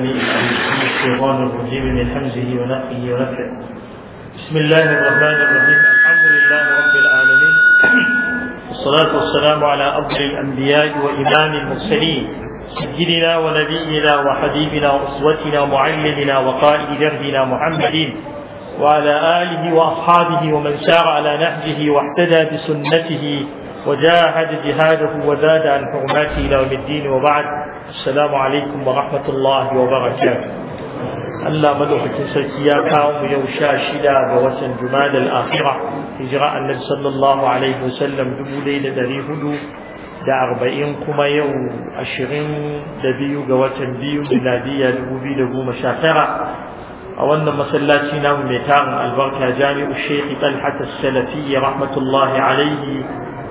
السميع العليم الشيطان الرجيم من حمزه بسم الله الرحمن الرحيم الحمد لله رب العالمين والصلاة والسلام على أفضل الأنبياء وإمام المرسلين سيدنا ونبينا وحبيبنا وأسوتنا ومعلمنا وقائد دربنا محمد وعلى آله وأصحابه ومن سار على نهجه واحتدى بسنته وجاهد جهاده وزاد عن حرماته إلى يوم الدين وبعد السلام عليكم ورحمة الله وبركاته الله مدوحك سكيا كاوم يوشا شدا بوسن جمال الآخرة هجراء النبي صلى الله عليه وسلم دبو ليلة دري هدو دا أربعين كما يو أشرين دبيو قواتن بيو ميلادية دبو بي دبو مشاخرة أولنا مسلاتنا ومتاغ البركة جامع الشيخ طلحة السلفي رحمة الله عليه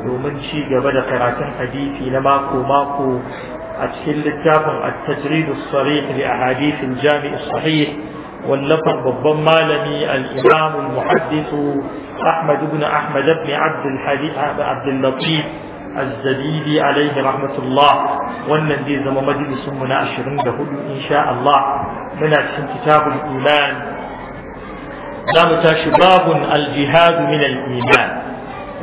ومن شي قبل قراءة حديثي لماكو ماكو, ماكو أدخل للكافر التجريد الصريح لأحاديث الجامع الصحيح واللفظ بالضم ما لمي الإمام المحدث أحمد بن أحمد بن عبد الحديث عبد اللطيف الزبيدي عليه رحمة الله والنبي زم مجلس مناشر له إن شاء الله من كتاب الإيمان لا متاش الجهاد من الإيمان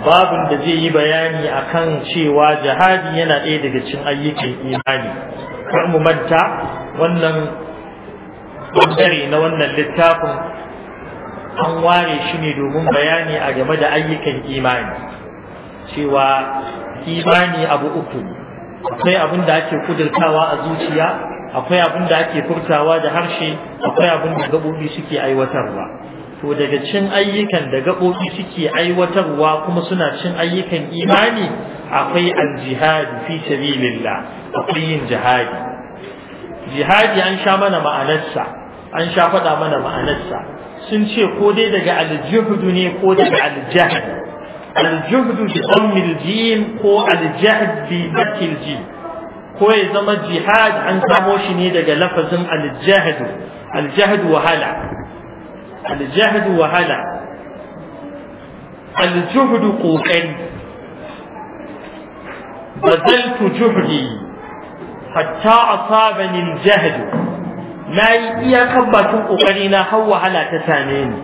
babin da zai yi bayani akan cewa jihadi yana ɗaya daga cin ayyukan imani kar mu manta wannan bangare na wannan littafin an ware shi ne domin bayani a game da ayyukan imani cewa imani abu uku ne akwai abin da ake kudurtawa a zuciya akwai abin da ake furtawa da harshe akwai abin da gaɓoɓi suke aiwatarwa to daga cin ayyukan da gaɓoɓi suke aiwatarwa kuma suna cin ayyukan imani akwai aljihadi fi sabilillah akwai yin jihadi jihadi an sha mana ma'anarsa an sha faɗa mana ma'anarsa sun ce ko dai daga aljuhdu ne ko daga aljahd aljuhdu bi dhammil jin ko aljahd bi fathil ko ya zama jihad an samo shi ne daga lafazin aljahd wahala aljahdu wahala aljuhdu kokari bazaltu juhdi hatta asabani aljahdu nayi iyakan bakin kokari na har wahala ta same ni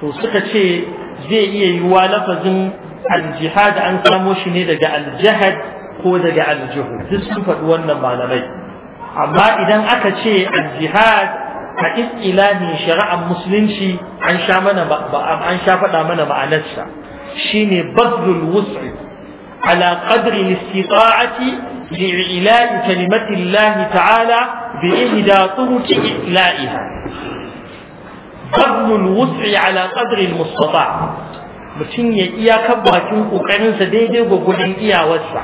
to suka ce zai iya yiwa lafazin aljihad an samo shi ne daga aljahad ko daga aljuhu. duk sun faɗi wannan malamai amma idan aka ce aljihad a istilahin shari'ar musulunci an sha mana an sha faɗa mana ma'anarsa shine bazlul wus'i ala qadri al-istita'ati li'ila'i kalimati Lahi ta'ala bi ihda turuqi ila'iha bazlul wus'i ala ƙadri mustafa mutum ya iyakar bakin ƙoƙarinsa daidai gwagwadon iyawarsa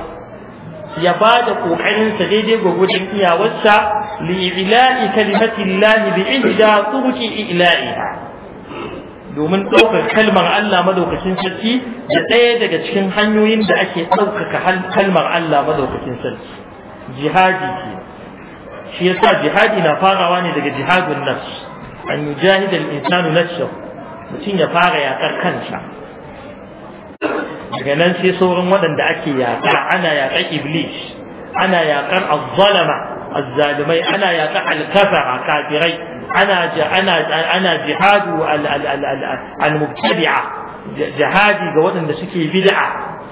ya ba da ƙoƙarinsa daidai gwagwadon iyawarsa li'ila'i kalimati Allah bi ihda turki domin ɗaukar kalmar Allah madaukakin sarki da ɗaya daga cikin hanyoyin da ake ɗaukaka kalmar Allah madaukakin sarki jihadi ke shi yasa jihadi na farawa ne daga jihadun nafs an yujahida al-insanu nafsahu mutum ya fara yaƙar kansa daga nan sai sauran waɗanda ake yaƙa ana yaƙar iblis ana yaƙar azzalama azzalumai ana yaƙa a kafirai ana ana ana al al jihadi ga waɗanda suke bida'a.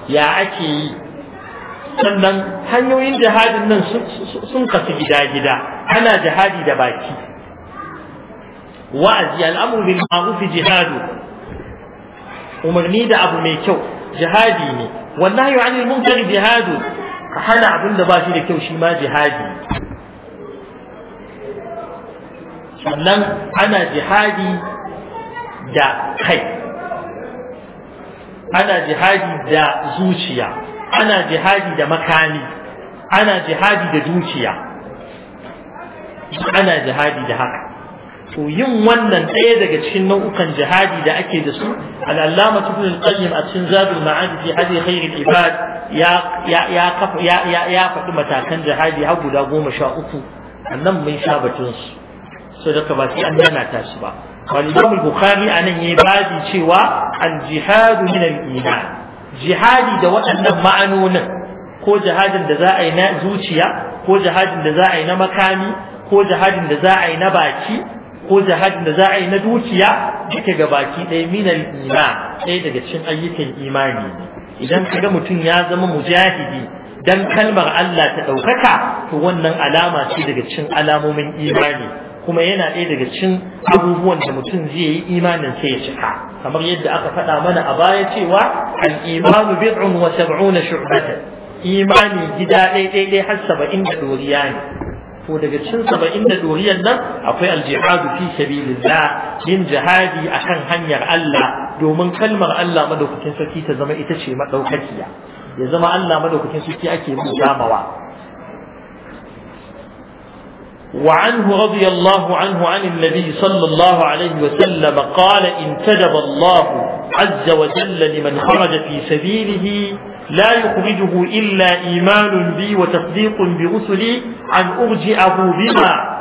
ya ake yi sannan hanyoyin jihadin nan sun kasu gida-gida ana jihadi da baki wa'azi al'amuru bil ma'ruf jihadu umarni da abu mai kyau jihadi ne wallahi wa anil munkar jihadu hana abin da ba shi da kyau shi ma jihadi sannan ana jihadi da kai ana jihadi da zuciya ana jihadi da makami ana jihadi da zuciya. ana jihadi da haka to yin wannan ɗaya daga cikin nau'ukan jihadi da ake da su al'allama ibn al-qayyim a cikin zadul ma'ad fi hadi khair ibad ya ya faɗi matakan jihadi har guda goma sha uku annan mun sha batun su sadaka daga ba sai an yana ta ba al-imam a bukhari anan yayi babi cewa al-jihad min al-iman jihadi da waɗannan ma'anonin ko jihadin da za a yi na zuciya ko jihadin da za a yi na makami ko jihadin da za a yi na baki ko jihadin da za a yi na dukiya duka ga baki ɗaya al iman ɗaya daga cikin ayyukan imani idan kaga mutum ya zama mujahidi dan kalmar Allah ta ɗaukaka to wannan alama ce daga cikin alamomin imani kuma yana ɗaya daga cikin abubuwan da mutum zai yi imanin sai ya cika kamar yadda aka faɗa mana a baya cewa al imanu bid'un wa sab'una shu'batan imani gida ɗaya ɗaya ɗaya har saba'in da ɗoriya ne to daga cin saba'in da ɗoriyan nan akwai aljihadu fi sabilillah yin jihadi akan hanyar Allah domin kalmar Allah madaukakin sarki ta zama ita ce madaukakiya ya zama Allah madaukakin sarki ake mu وعنه رضي الله عنه عن النبي صلى الله عليه وسلم قال انتدب الله عز وجل لمن خرج في سبيله لا يخرجه إلا إيمان بي وتصديق برسلي أن أرجئه بما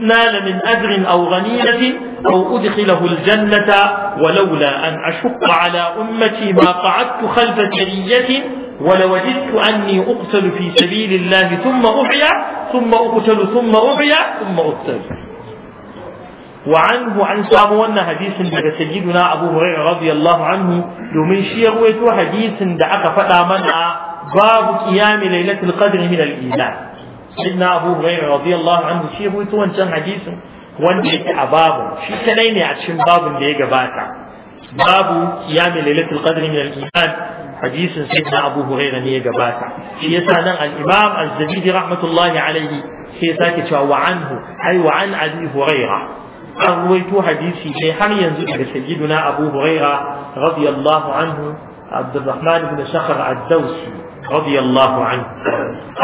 نال من أجر أو غنيمة أو أدخله الجنة ولولا أن أشق على أمتي ما قعدت خلف سرية ولوجدت أني أقتل في سبيل الله ثم أحيا ثم أقتل ثم أحيا ثم أقتل وعنه عن سامونا حديث من سيدنا أبو هريرة رضي الله عنه يومين شير ويتو حديث دعك فتا منع باب قيام ليلة القدر من الإيمان سيدنا أبو هريرة رضي الله عنه شير ويتو وانشان حديث وانشان أبابه شي كليني عشان باب اللي يقباتا باب قيام ليلة القدر من الإيمان hadisin na Abu hurera ne ya gabata shi yasa nan al-Imam Az-Zabidi rahmatullahi alaihi sai ya sake cewa wa anhu ai wa an Abi Hurairah an ruwaito hadisi ne har yanzu daga sayyiduna Abu Hurairah radiyallahu anhu عبد الرحمن بن صخر الدوسي رضي الله عنه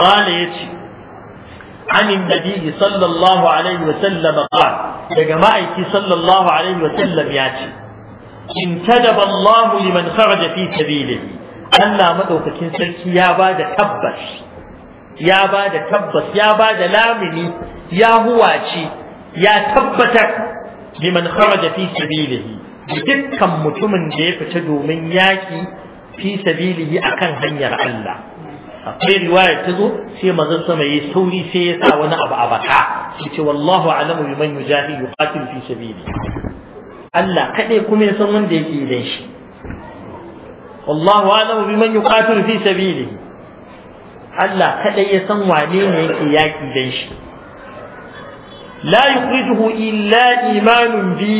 قال يتي عن النبي صلى الله عليه وسلم قال يا جماعتي صلى الله عليه وسلم ياتي انتدب الله لمن خرج في سبيله Allah maɗaukakin sarki ya ba da tabbas ya ba da tabbas ya ba da lamini ya huwace ya tabbatar liman kharaja fi sabilihi dukkan mutumin da ya fita domin yaki fi sabilihi akan hanyar Allah akwai riwaya ta zo sai mazan sama yi sauri sai ya sa wani abu a baka sai ce wallahu alamu biman yujahi yuqatil fi sabili Allah kadai kuma ya san wanda yake idan shi wallahu a'lamu biman yuqatilu fi sabilihi Allah kada ya san wane ne yake yaki dan shi la yukhrijuhu illa imanun bi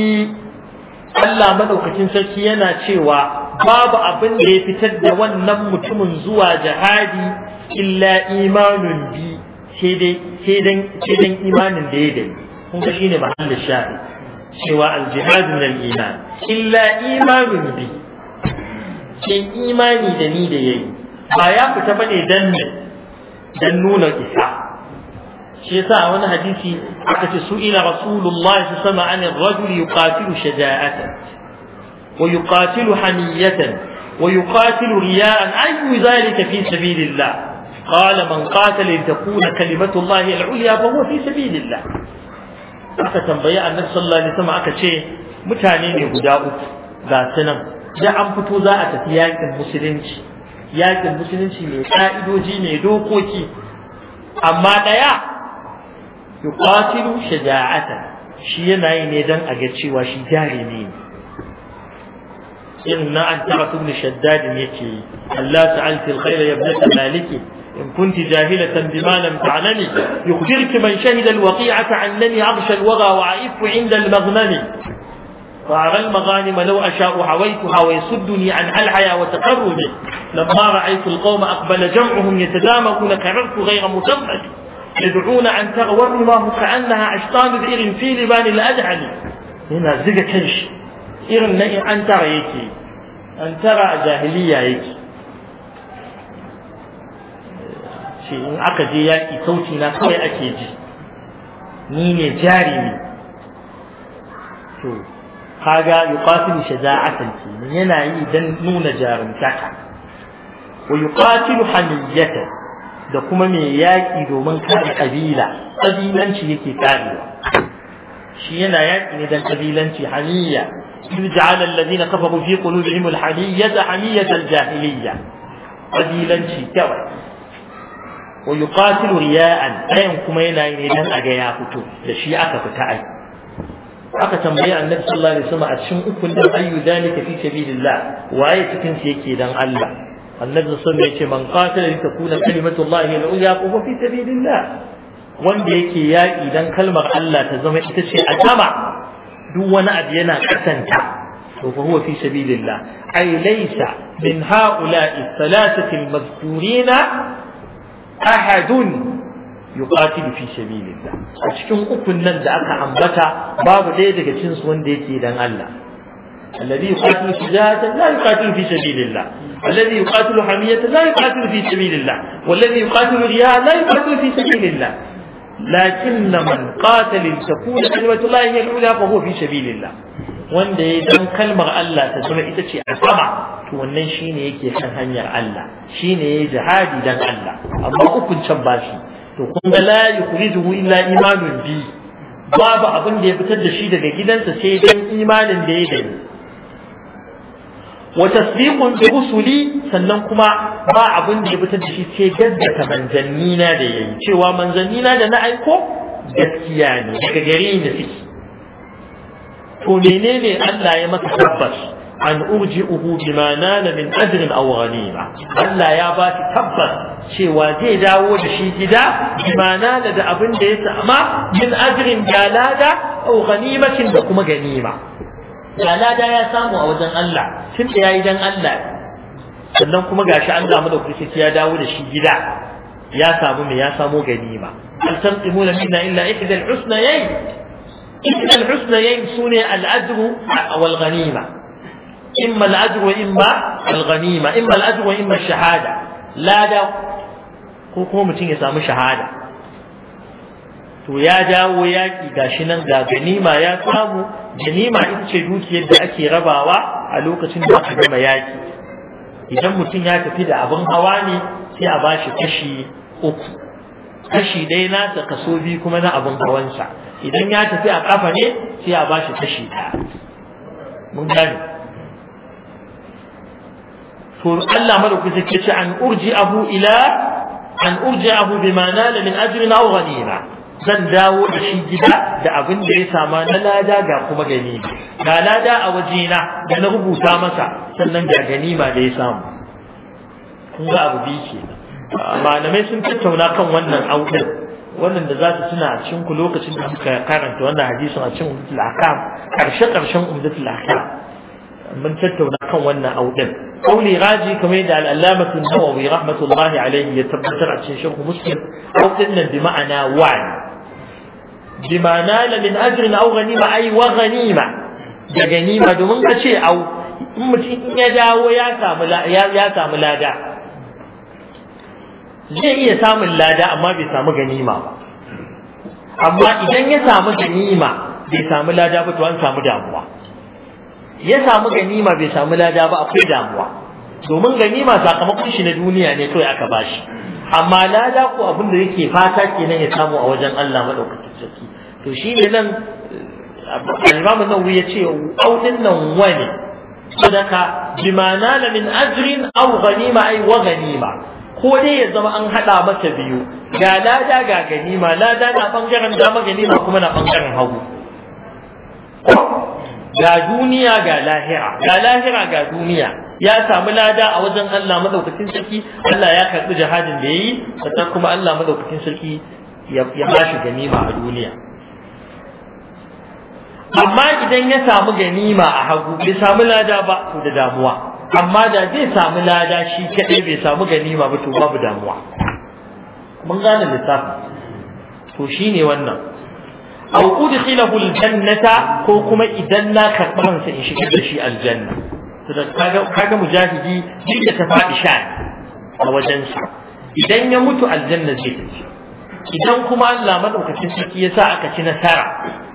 Allah madaukakin sarki yana cewa babu abin da ya fitar da wannan mutumin zuwa jihadi illa imanun bi sai dan imanin da ya dai kun ga shine cewa imanun bi yayi imani da ni da yayi ba ya fita bane dan ne dan nuna isa shi yasa a wani hadisi aka ce su ila rasulullahi su sama an rajul yuqatilu shaja'atan wa yuqatilu hamiyatan wa yuqatilu riya'an ayu zalika fi sabilillah قال من قاتل لتكون كلمة الله العليا فهو في سبيل الله aka tambayi annabi sallallahu alaihi wasallam aka ce mutane ne guda uku ga sunan da an fito za a tafi yakin musulunci yakin musulunci mai ka'idoji mai dokoki amma ɗaya yuqatilu shaja'atan shi yana yi ne dan a ga cewa shi jarumi ne إن أنت بن شداد يكي ألا سألت الخير يا ابنة مالك إن كنت جاهلة بما لم تعلمي يخبرك من شهد الوقيعة عنني عطش الوغى وعائف عند المغنم وأرى المغانم لو أشاء حويتها ويصدني عن ألعيا وتقربي لما رأيت القوم أقبل جمعهم يتدامون كررت غير مجرد يدعون أن ما هو كأنها أشطان بئر في لبان الأدعم هنا زق كنش إرن أن ترى يكي أن ترى جاهلية يكي شيء عقد يكي صوتي كوي أكيد نيني جاري تو kaga yuqatilu shaja'atan kenan yana yi dan nuna jarumtaka wa yuqatilu hamiyatan da kuma mai yaki domin kare kabila kabilanci yake karewa shi yana yaƙi ne dan kabilanci hamiyya إذ جعل الذين كفروا في قلوبهم الحمية حمية الجاهلية قليلا شكوى ويقاتل a ga ya ينعين da shi aka لشيعة فتاعي aka tambaye annabi sallallahu alaihi wasallam a cikin ukun da ayyu zalika fi sabilillah waye cikin su yake dan Allah annabi sallallahu alaihi wasallam yace man qatala li takuna kalimatullahi al-ulya fi sabilillah wanda yake yaƙi dan kalmar Allah ta zama ita ce a gaba duk wani abu yana kasanta to fa huwa fi sabilillah ay laysa min ha'ula'i thalathati al-madhkurina ahadun yuqatilu fi sabilillah a cikin ukun nan da aka ambata babu ɗaya daga cikin su wanda yake dan Allah alladhi yuqatilu shuja'atan la yuqatilu fi sabilillah alladhi yuqatilu hamiyatan la yuqatilu fi sabilillah walladhi yuqatilu riya la yuqatilu fi sabilillah lakin man qatala litakuna kalimatu la hiya al-ula fa huwa fi sabilillah wanda ya dan kalmar Allah ta zama ita ce a sama to wannan shine yake kan hanyar Allah shine ya jihadi dan Allah amma ukun can bashi to kun ga la yukhrijuhu illa imanun bi babu abin da ya fitar da shi daga gidansa sai dan imanin da ya dani wa tasdiqun bi rusuli sannan kuma ba abin da ya fitar da shi sai gaddata manzanni na da yayi cewa manzanni na da na aiko gaskiya ne daga gare ni suke to menene Allah ya masa tabbas an urji'uhu bima nana min ajrin aw ghanima Allah ya ba shi tabbas cewa zai dawo da shi gida bima nana da abin da ya sama min ajrin galada aw ghanimatin da kuma ganima galada ya samu a wajen Allah tun da yayi dan Allah sannan kuma gashi Allah madaukaki ya dawo da shi gida ya samu me ya samu ganima al tanqimuna minna illa ihda al sune al ajru wal ghanima imma al'ajr wa al-ghanima imma al'ajr shahada lada ko kuma mutum ya samu shahada to ya dawo yaƙi gashi nan ga ganima ya samu ganima ita ce dukiyar da ake rabawa a lokacin da aka gama yaƙi idan mutum ya tafi da abin hawa ne sai a shi kashi uku kashi dai nasa kaso bi kuma na abin sa, idan ya tafi a kafa ne sai a bashi kashi ta mun gane to Allah madaukaki ke ce an urji abu ila an urji abu bima nala min ajrin aw ghanima zan dawo da shi gida da abin da ya sama na lada ga kuma ganima ga lada a wajena da na rubuta masa sannan ga ganima da ya samu kun ga abu biyu ke. malamai sun tattauna kan wannan audin wannan da za ta tuna a ku lokacin da suka karanta wannan hadisin a cikin umdatul ahkam karshe karshen umdatul ahkam mun tattauna kan wannan audin qawli raji kamar yadda al-allamah an-nawawi rahmatullahi alayhi ya tabbatar a cikin sharh muslim audin nan bi ma'ana wani bi ma'ana la min ajrin aw ghanima ay wa ghanima da domin ka ce mutum ya dawo ya samu lada zai iya samun lada amma bai samu ganima ba amma idan ya samu ganima bai samu lada ba to an samu damuwa ya samu ganima bai samu lada ba akwai damuwa domin ganima sakamakon shi na duniya ne kawai aka bashi amma lada ko abin da yake fata kenan ya samu a wajen Allah madaukakin sarki to shine nan al-Imam Nawawi ya ce audin nan wani sadaka bima la min ajrin aw ganima ay wa ganima ko dai ya zama an hada masa biyu ga lada ga ganima lada na bangaren dama ganima kuma na bangaren hagu ga duniya ga lahira ga lahira ga duniya ya samu lada a wajen Allah madaukakin sarki Allah ya karbi jihadin da yayi sannan kuma Allah madaukakin sarki ya bashi ganima a duniya amma idan ya samu ganima a hagu bai samu lada ba to da damuwa amma da zai samu lada shi kadai bai samu ganima ba to babu damuwa mun gane lissafin to shine wannan aw udkhilahu aljannata ko kuma idan na karban sa in shigar da shi aljanna to da kaga kaga mujahidi da ta faɗi sha a wajen sa idan ya mutu aljanna zai tafi idan kuma Allah madaukakin sarki ya sa aka ci nasara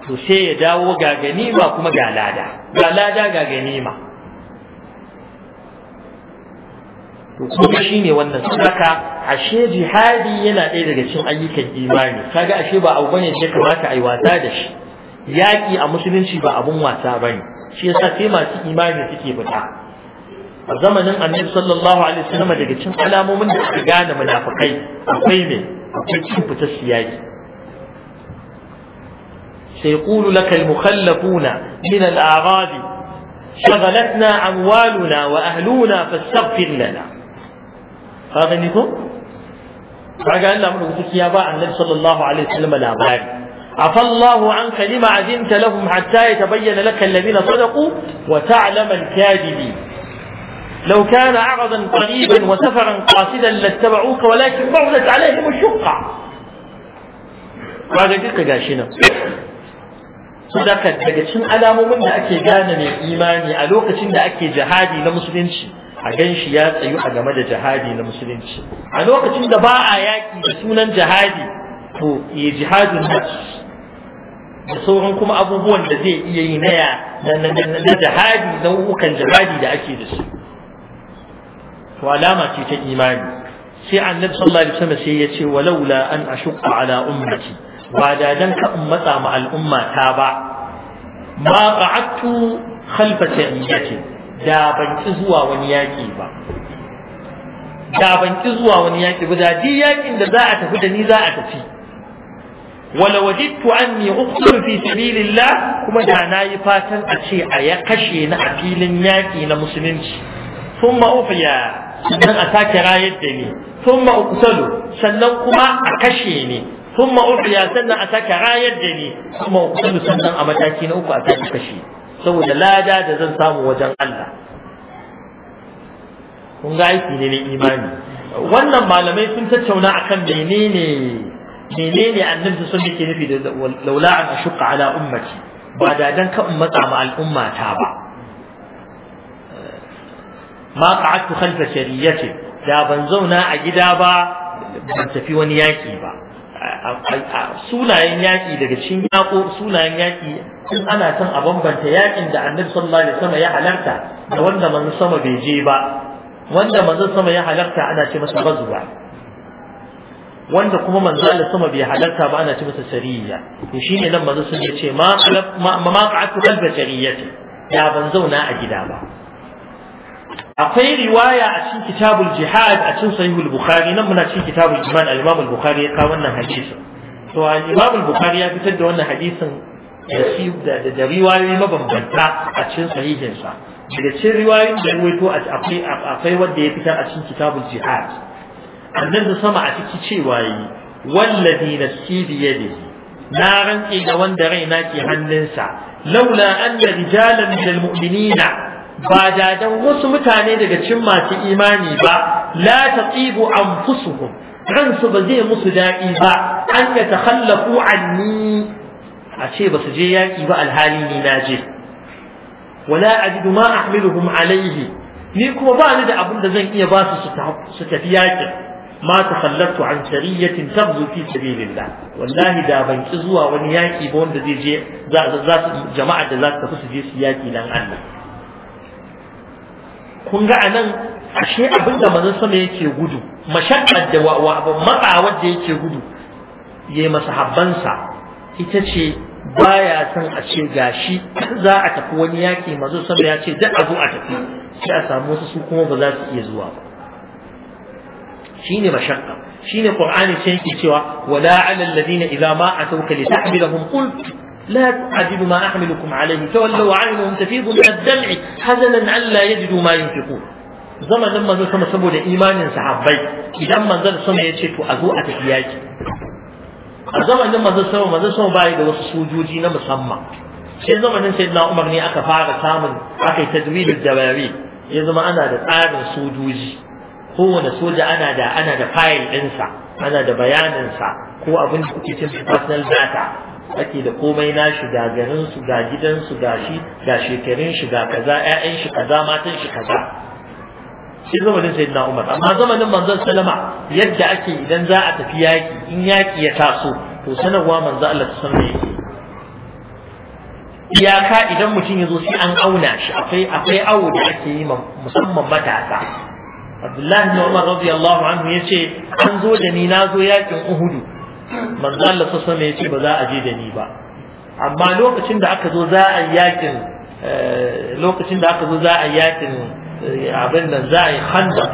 to sai ya dawo ga ganima kuma ga lada ga lada to kuma shine wannan saka ashe jihadi yana ɗaya daga cikin ayyukan imani kaga ashe ba abu bane da kamata ai wasa da shi yaki a musulunci ba abun wasa bane shi yasa sai masu imani suke fita a zamanin annabi sallallahu alaihi wasallam daga cikin alamomin da suka gane munafikai akwai ne akwai cin fitar siyaki سيقول لك المخلفون من الأعراب شغلتنا أموالنا وأهلنا فاستغفر لنا فهمنيكو فقال لهم نقول يا باع النبي صلى الله عليه وسلم لا باي عفى الله عنك لما عزمت لهم حتى يتبين لك الذين صدقوا وتعلم الكاذبين لو كان عرضا قريبا وسفرا قاصدا لاتبعوك ولكن بعدت عليهم الشقه بعد ذلك قاشنا صدقت لقد شن على مؤمن اكي كان من ايماني الوك شن اكي جهادي لمسلمين a gan shi ya tsayu a game da jihadi na musulunci a lokacin da ba a yaƙi da sunan jihadi to ya eh, jihadin nafs da sauran kuma abubuwan da zai iya yi na na jihadi nau'ukan jihadi da ake da su to alama ce ta imani sai annabi sallallahu alaihi wasallam sai ya ce walaula an ashqa ala ummati ba da dan ka ummata ma al'umma ta ba ma qa'adtu khalfa sayyidati da ban ki zuwa wani yaƙi ba da ban ki zuwa wani yaƙi ba da ji yaƙin da za a tafi da ni za a tafi wala wajidtu anni uqtulu fi sabilillah kuma da na yi fatan a ce a ya kashe ni a filin yaƙi na musulunci thumma ufiya sannan a sake rayar da ni thumma uqtalu sannan kuma a kashe ni thumma ufiya sannan a sake rayar da ni thumma uqtalu sannan a mataki na uku a sake kashe ni saboda lada da zan samu wajen Allah kun ga aiki ne na imani wannan malamai sun tattauna akan menene menene annabi sun yake nufi da laula an ashqa ala ummati ba da dan ka matsa ma al'umma ta ba ma qa'adtu khalfa shariyati da ban zauna a gida ba ban tafi wani yaki ba sunayen yaƙi daga cikin yaƙo sunayen yaƙi in ana son a bambanta yaƙin da annabi sallallahu alaihi wasallam ya halarta da wanda manzo sama bai je ba wanda manzo sama ya halarta ana ce masa bazuba wanda kuma manzo Allah sama bai halarta ba ana ce masa sariya to shine nan manzo sun ce ma ma ma'atu qalbi sariyati ya ban zauna a gida ba akwai riwaya a cikin kitabul jihad a cikin sahihul bukhari nan muna cikin kitabul iman al-imam al-bukhari ya kawo wannan hadisin to al-imam al-bukhari ya fitar da wannan hadisin da shi da da riwayoyi mabambanta a cikin sahihin sa daga cikin riwayoyin da ruwaito akwai akwai wanda ya fitar a cikin kitabul jihad annan da sama a ciki cewa yi wallazi nafsi bi yadihi na rantsi ga wanda raina ke hannunsa laula anna rijalan minal mu'minina ba dadan wasu mutane daga cikin masu imani ba la taqibu anfusuhum ransu ba zai musu daɗi ba an ya takhallafu anni a ce ba su je yaƙi ba alhali ni na je wala ajidu ma ahmiluhum alaihi ni kuma ba ni da abin da zan iya ba su su tafi yaƙin ma takhallaftu an shariyatin tabzu fi sabilillah wallahi da ban ki zuwa wani yaƙi ba wanda zai je za jama'a da za su tafi su je su yaƙi dan Allah kun ga anan ashe abin da manzon sama yake gudu mashaqqar da wa matsawar yake gudu yayi masahabbansa ita ce baya son a ce gashi za a tafi wani yaki manzon sama ya ce da a zo a tafi sai a samu wasu su kuma ba za su iya zuwa ba shine mashaqqa shine qur'ani sai yake cewa wala 'alal ladina idza ma atawka litahmilahum qult لا تعجل ما أحملكم عليه تولوا عنهم تفيض من الدمع حزنا ألا يجدوا ما ينفقون zamanin manzo sama saboda imanin sahabbai idan manzon sama ya ce to a zo a tafi yaki a zamanin manzo sama manzo sama bai da wasu sojoji na musamman sai zamanin sayyidina Umar ne aka fara samun aka yi tadwidul dawari ya zama ana da tsarin sojoji kowane soja ana da ana da fayil ɗinsa ana da sa ko abin da kuke cin personal data ake da komai nashi ga garin su ga gidan su ga shi ga shekarun shi ga kaza ƴaƴan shi kaza matan shi kaza shi zamanin sayyidina Umar amma zamanin manzon salama yadda ake idan za a tafi yaki in yaki ya taso to sanarwa manzo Allah ta san sanar yake iyaka idan mutum ya zo sai an auna shi akwai akwai awo da ake yi musamman matasa Abdullahi bin Umar radiyallahu anhu yace an zo da ni na zo yakin Uhudu manzo Allah sa sama yace ba za a je da ni ba amma lokacin da aka zo za a yakin eh, lokacin da aka zo za a yakin eh, abin nan za a yi khandaq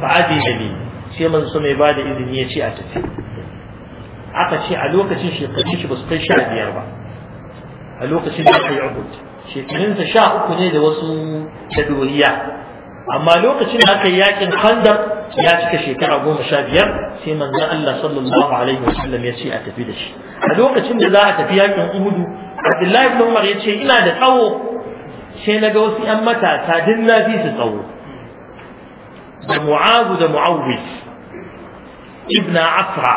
fa aje da ni sai manzo sa mai bada izini yace a tafi aka ce a lokacin shekarun shi ba su kai sha biyar ba a lokacin da aka yi uhud shekarun sha uku ne da wasu tadoriya amma lokacin da aka yi yakin khandaq ya cika shekara goma sha biyar sai manzan Allah sallallahu alaihi wasallam ya ce a tafi da shi a lokacin da za a tafi yakin Uhudu Abdullahi ibn Umar ya ce ina da tsawo sai na ga wasu 'yan matasa din na fi su tsawo da Mu'azu da mu'awwis ibn Afra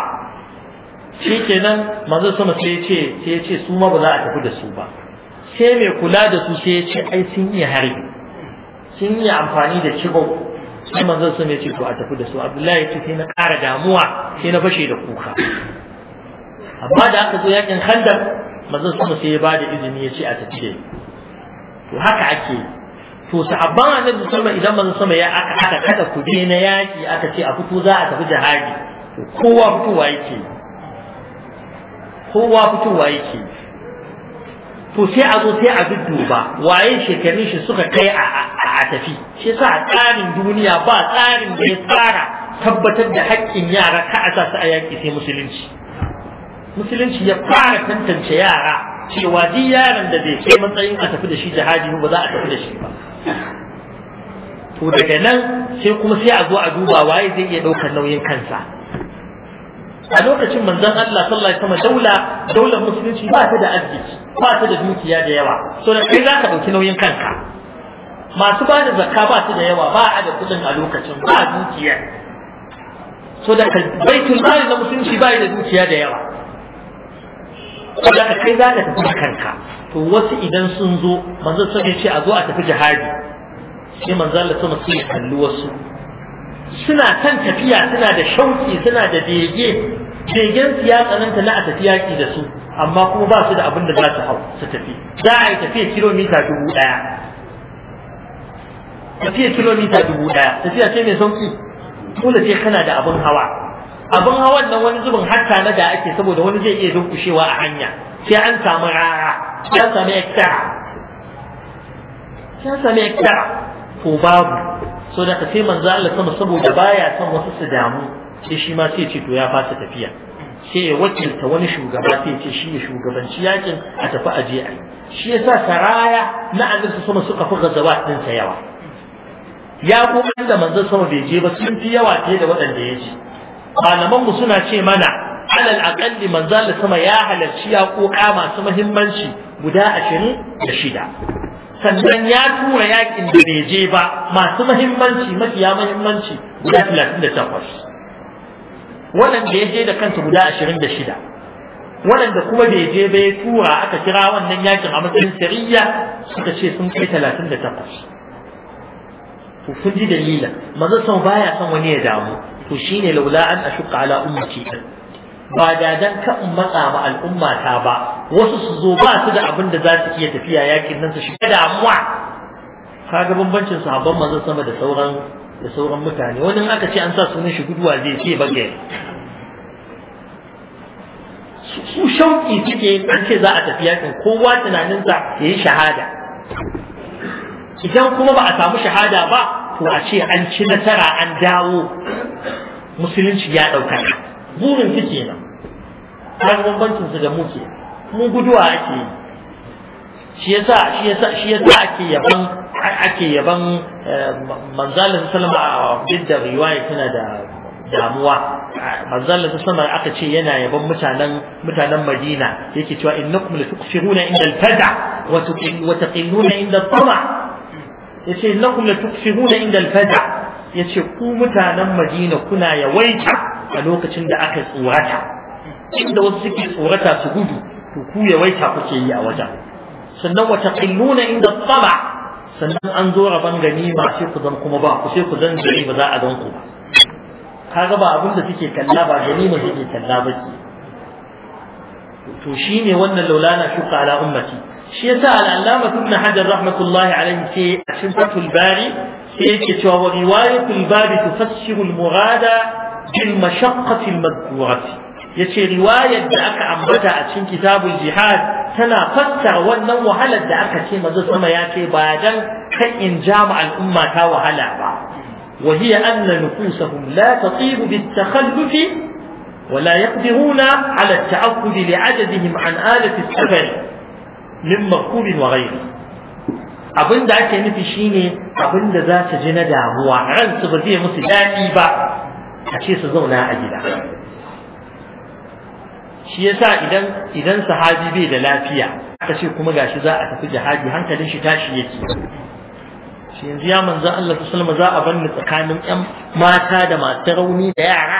shi kenan manzo sama sai ya ce sai ya ce su ma ba za a tafi da su ba sai mai kula da su sai ya ce ai sun yi harbi sun yi amfani da kibau sai manzon sun ya ce to a tafi da su abdullahi ya ce sai na ƙara damuwa sai na fashe da kuka amma da aka zo yakin khandar manzon sun sai ya ba da izini ya ce a tafi da to haka ake to sahabban annabi sama idan manzon sama ya aka aka kada kudi na yaki aka ce a fito za a tafi jihadi kowa fitowa yake kowa fitowa yake to sai a zo sai a dudduba waye shekarun shi suka kai a tafi shi sa a tsarin duniya ba tsarin da ya tsara tabbatar da haƙƙin yara ka a sa su a yaƙi sai musulunci musulunci ya fara tantance yara cewa duk yaron da bai kai matsayin a tafi da shi jihadi ba za a tafi da shi ba to daga nan sai kuma sai a zo a duba waye zai iya ɗaukar nauyin kansa a lokacin manzon Allah sallallahu alaihi wasallam daula daular musulunci ba ta da arziki ba ta da dukiya da yawa so da kai zaka dauki nauyin kanka masu ba da zakka ba su da yawa ba a da kudin a lokacin ba dukiya so da baitul mali na musulunci ba da dukiya da yawa so da kai zaka tafi kanka to wasu idan sun zo manzon sai ya ce a zo a tafi jihadi sai manzon Allah sama sai ya kalli wasu suna kan tafiya suna da shauki suna da bege begen su ya tsananta na a tafi yaki da su amma kuma ba su da abin da za su hau su tafi za a yi tafiya kilomita dubu ɗaya tafiya kilomita dubu ɗaya tafiya ce mai sauki dole sai kana da abin hawa abin hawan nan wani zubin hatta na da ake saboda wani zai iya dunkushewa a hanya sai an samu rara sai an samu ekta sai an samu ko babu so da ka sai manzo Allah sama saboda baya son wasu su damu sai shi ma sai ce to ya fasa tafiya sai ya wakilta wani shugaba sai ce shi ne shugabanci yakin a tafi a je ai shi yasa saraya na annabi sama suka fi gazawa din sa yawa ya kuma da manzo sama bai je ba sun fi yawa fiye da waɗanda ya ci. malaman mu suna ce mana alal aqalli manzo Allah sama ya halarci ya masu muhimmanci guda ashirin da shida sannan ya tura yakin da bai je ba masu mahimmanci mafiya mahimmanci guda 38 waɗanda ya je da kansa guda 26 waɗanda kuma bai je ba ya tura aka kira wannan yakin a matsayin sariya suka ce sun kai 38 to kun ji dalilin manzo sau baya son wani ya damu to shine laula an ashqa ala ummati ba da dan ka in matsa ma al'umma ta ba wasu su zo ba su da abin da za su iya tafiya yakin nan su shiga damuwa kaga bambancin sahabban manzon sama da sauran da sauran mutane wani in aka ce an sa sunan shi guduwa zai ce bage su shauki suke an ce za a tafi yakin kowa tunaninsa ya yi shahada idan kuma ba a samu shahada ba to a ce an ci nasara an dawo musulunci ya ɗauka burin su kenan har bambancin su da muke mu guduwa ake yi shi yasa shi yasa shi yasa ake yaban ake yaban eh, manzalin sallama duk da riwaya tana da damuwa manzalin sallama aka ce yana yaban mutanen mutanen Madina yake cewa innakum latukfiruna inda al-fada wa taqilluna inda al-tama yace innakum latukfiruna inda al-fada yace ku mutanen Madina kuna yawaita a lokacin da aka tsorata inda wasu suke tsorata su gudu to ku yawaita kuke yi a wajen sannan wata qilluna inda tsaba sannan an zo rabon ganima sai ku zan kuma ba ku sai ku zan ba za a gan ku ba kaga ba abin da suke kalla ba ganima suke kalla ba ke to shine wannan laulana shuka ala ummati shi yasa al-allama ibn hajar rahmatullahi alaihi ce a cikin fatul bari sai yake cewa wa riwayatul bari tufassiru al-murada bil mashaqqati al-madhkurati yace riwayar da aka ambata a cikin kitabul jihad tana fassara wannan wahalar da aka ce mazo sama ya ce ba dan kan in jama al'umma ta wahala ba wa hiya anna nufusahum la taqibu bit takhalluf wa la yaqdiruna ala يقدرون على التعقب لعددهم عن آلة safar min مركوب wa ghayri abinda ake nufi shine abinda da za ta ji na damuwa su ba zai musu dadi ba a ce su zauna a gida shi yasa idan idan sahabi bai da lafiya aka ce kuma gashi za a tafi jihadi hankalin shi tashi yake shi yanzu ya manzo Allah ta sallama za a banni tsakanin ƴan mata da masu rauni da yara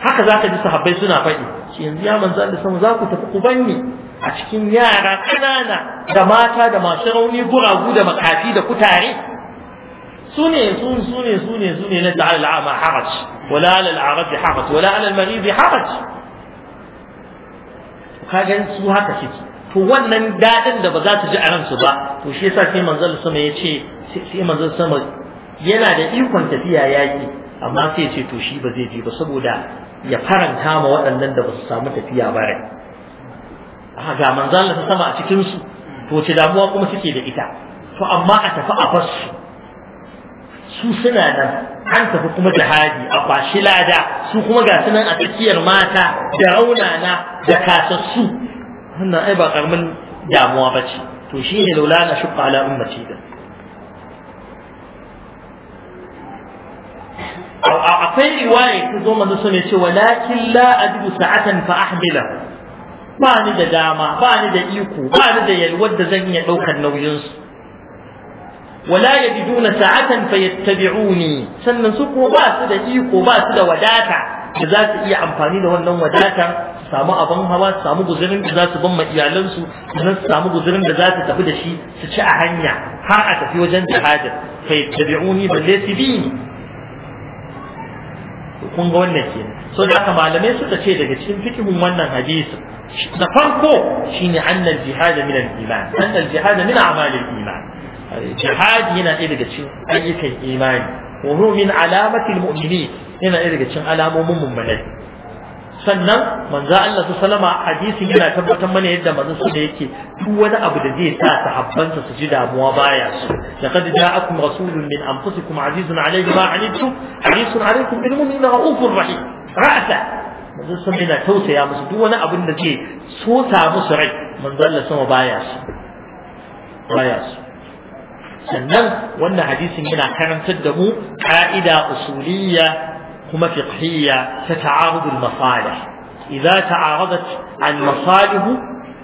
haka za ka ji sahabbai suna faɗi shi yanzu ya manzo Allah sallama za ku tafi ku banni a cikin yara ƙanana da mata da masu rauni guragu da makafi da kutare su ne su ne su ne su ne na ja'al al'ama haraj ولا على العرج حرج ولا على المريض حرج kagan su haka suke to wannan dadin da ba za su ji a ransu ba to shi yasa sai manzon sama ya ce sai manzon sama yana da ikon tafiya yaki amma sai ya ce to shi ba zai je ba saboda ya faranta ma waɗannan da ba su samu tafiya ba rai A ga manzon Allah sama a cikin su to ce damuwa kuma suke da ita to amma a tafi a bar su su suna nan an tafi kuma jihadi a kwashi lada su kuma ga sunan a tsakiyar mata da raunana da kasassu wannan ai ba karamin damuwa ba ce to shi ne laula na shukka ala ummati da akwai riwaya ta zo manzo sune ce walakin la ajibu sa'atan fa ahmila ba ni da dama ba ni da iko ba ni da yalwar da zan iya daukar nauyin su ولا يجدون سعة فيتبعوني sannan su ko ba su da iko ba su da wadata da za su iya amfani da wannan wadatar su samu abin hawa su samu guzurin da za su ban ma iyalansu sannan su samu guzurin da za su tafi da shi su ci a hanya har a tafi wajen jihadin fayattabi'uni balle su bi ni kun ga wannan ke so da haka malamai suka ce daga cikin fikihun wannan hadisin da farko shine annal jihad min al-iman annal jihad min a'mal al-iman jihadi yana ɗaya daga cikin ayyukan imani wa huwa min alamatil mu'minin yana ɗaya daga cikin alamomin mummunai sannan manzo Allah su salama hadisi yana tabbatar mana yadda manzo su da yake duk wani abu da zai sa sahabbansa su ji damuwa baya su laqad ja'akum rasulun min anfusikum azizun alayhi ma anittum harisun alaykum bil mu'minina ra'ufur rahim ra'sa manzo sun yana tausaya musu duk wani abin da zai so ta musu rai manzo Allah sama baya su baya su sannan wannan hadisin yana karantar da mu ka'ida usuliyya kuma fiqhiyya ta ta'arudul masalih idza ta'aradat al masalih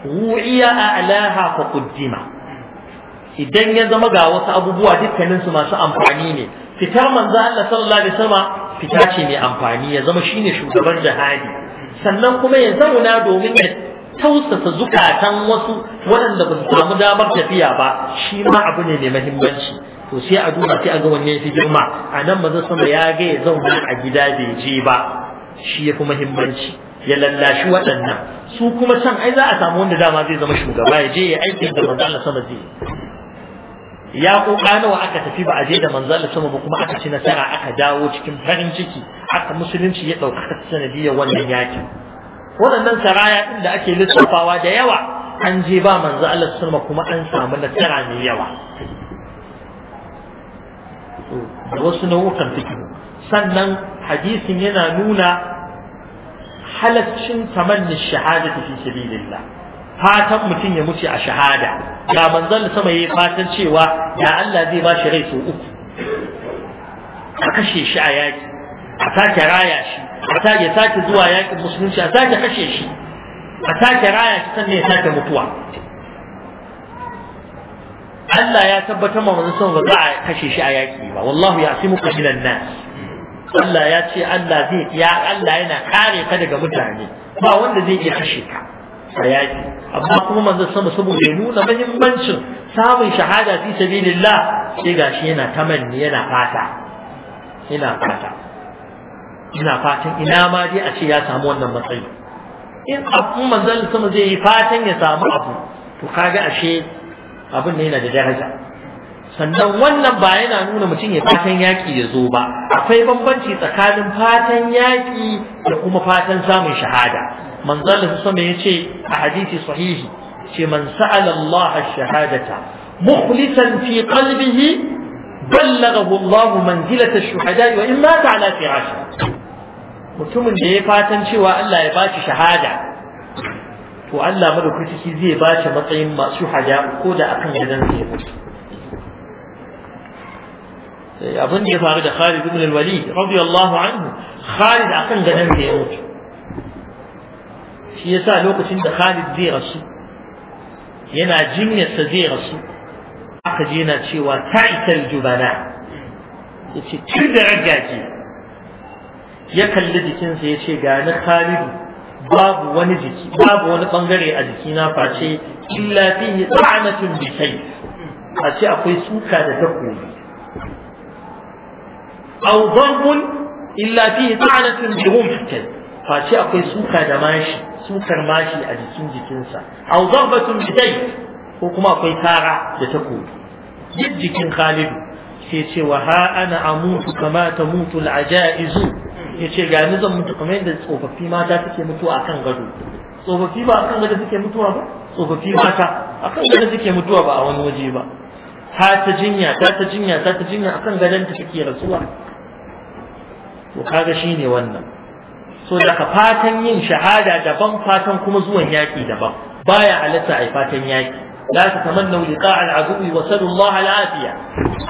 ru'iya a'laha fa quddima idan ya zama ga wasu abubuwa dukkanin su masu amfani ne fitar manzo Allah sallallahu alaihi wasallam fita ce mai amfani ya zama shine shugaban jihadi sannan kuma ya zauna domin tausasa zukatan wasu waɗanda ba su samu damar tafiya ba shi ma abu ne mai mahimmanci to sai a duba sai a ga wanne yafi girma a nan maza sama ya ga ya zauna a gida bai je ba shi fi mahimmanci ya lallashi waɗannan su kuma can ai za a samu wanda dama zai zama shugaba ya je ya aiki da manzo Allah sama zai ya koka nawa aka tafi ba a je da manzo Allah sama ba kuma aka ci nasara aka dawo cikin farin ciki aka musulunci ya ɗaukaka sanadiyar wannan yakin waɗannan saraya ɗin da ake lissafawa da yawa an je ba manzo Allah sallama kuma an samu nasara mai yawa da wasu nau'ukan fikihu sannan hadisin yana nuna halaccin tamanni shahada fi sabilillah fatan mutum ya mutu a shahada ga manzon sama yayi fatan cewa ya Allah zai ba shi rai sau uku a kashe shi a yaki a sake raya shi a ya sake zuwa yakin musulunci a sake kashe shi a sake raya shi sannan ya sake mutuwa Allah ya tabbatar ma manzon ba za a kashe shi a yaki ba wallahu muka gina nan Allah ya ce Allah zai ya Allah yana kare ka daga mutane ba wanda zai iya kashe ka a yaki amma kuma manzon sama saboda ya nuna muhimmancin samun shahada fi sabilillah sai gashi yana tamanni yana fata yana fata ina fatan ina ma dai a ce ya samu wannan matsayi in abu manzon sama zai yi fatan ya samu abu to kaga ashe abin ne yana da daraja sannan wannan ba yana nuna mutum ya fatan yaƙi ya zo ba akwai bambanci tsakanin fatan yaƙi da kuma fatan samun shahada manzon sama ya ce a hadisi sahihi ce man sa'ala Allah shahadata mukhlisan fi qalbihi بلغه الله منزلة الشهداء وإن مات على فراشه mutumin da ya fatan cewa Allah ya bashi shahada to Allah madaukaki zai bashi matsayin masu haya ko da akan gidan zai mutu eh, abin da ya faru da Khalid ibn al-Walid radiyallahu anhu Khalid akan gidan zai mutu shi yasa lokacin da Khalid zai rasu yana jinyarsa zai rasu aka je yana cewa ta'ikal jubana yace tun da ragaje ya kalli jikinsa ya ce 'Ga gani khalidu babu wani jiki babu wani bangare a jikina face illa fihi ta'anatun bi shay a ce akwai suka da takobi aw darbun illa fihi ta'anatun bi rumhtin face akwai suka da mashi sukar mashi a jikin jikinsa aw darbatun bi shay ko kuma akwai tara da takobi duk jikin khalidu sai ce wa ha ana amutu kama tamutu al-ajaizu ya ce ga ni zan mutu kamar yadda tsofaffi mata suke mutuwa akan gado tsofaffi ba akan gado suke mutuwa ba tsofaffi mata akan gado suke mutuwa ba a wani waje ba ta ta jinya ta ta jinya ta ta jinya akan gadon ta suke rasuwa to kaga shine wannan so daga fatan yin shahada daban fatan kuma zuwan yaki daban baya halatta ai fatan yaki la ta tamannu liqa al-aduwi wa sallallahu al-afiya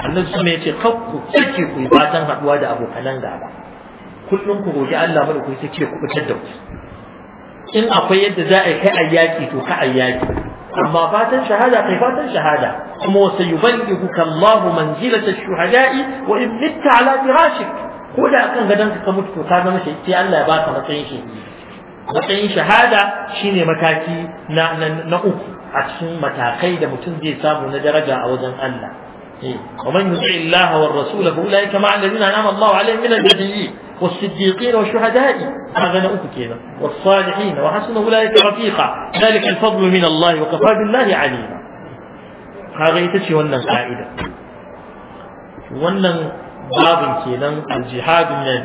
annabi sun yace kakku kike ku fatan haɗuwa da abokan gaba kullum ku roki Allah mana ku sai ku kubutar da ku in akwai yadda za a yi kai ayyaki to ka ayyaki amma fatan shahada kai fatan shahada kuma wasa yuballighuka Allahu manzilata ash-shuhada'i wa in mitta ala firashik ko da akan gadon ka mutu to ka zama shi sai Allah ya baka matsayin shi matsayin shahada shine mataki na na uku a cikin matakai da mutum zai samu na daraja a wajen Allah ومن يطع الله والرسول فاولئك مع الذين انعم الله عليهم من النبيين والصديقين والشهداء هذا نؤك كذا والصالحين وحسن أولئك رفيقا ذلك الفضل من الله وكفى بالله عليما هذا يتشي ونن قاعدة ونن باب كذا الجهاد من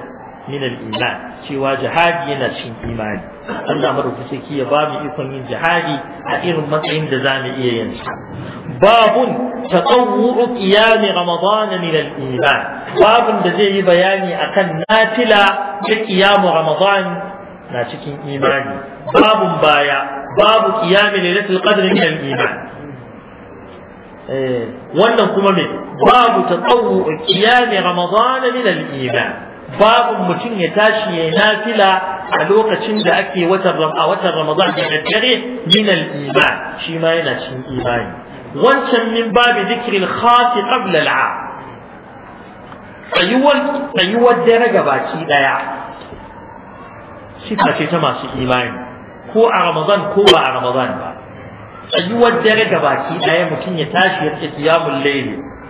من الإيمان شوى جهاد ينشين إيمان أنا madaukaki في سكية باب يكون من جهادي أئر irin matsayin da za mu تطوع قيام رمضان من الإيمان باب دزي بياني أكن ناتلا قيام رمضان ناتكين إيماني باب بايا باب قيام ليلة القدر من الإيمان wannan kuma me babu tatawu kiyami ramadan min al-iman babu mutum ya tashi yai nafila a lokacin da ake watan a watan ramadan da dare min al-iman shi ma yana cikin imani wancan min babi zikirin khasi qabla la'a, tsayuwar dare gabaki daya sifa ce ta masu imani ko a ramadan ko ba a ramadan ba tsayuwar dare gabaki daya mutum ya tashi ya ce qiyamul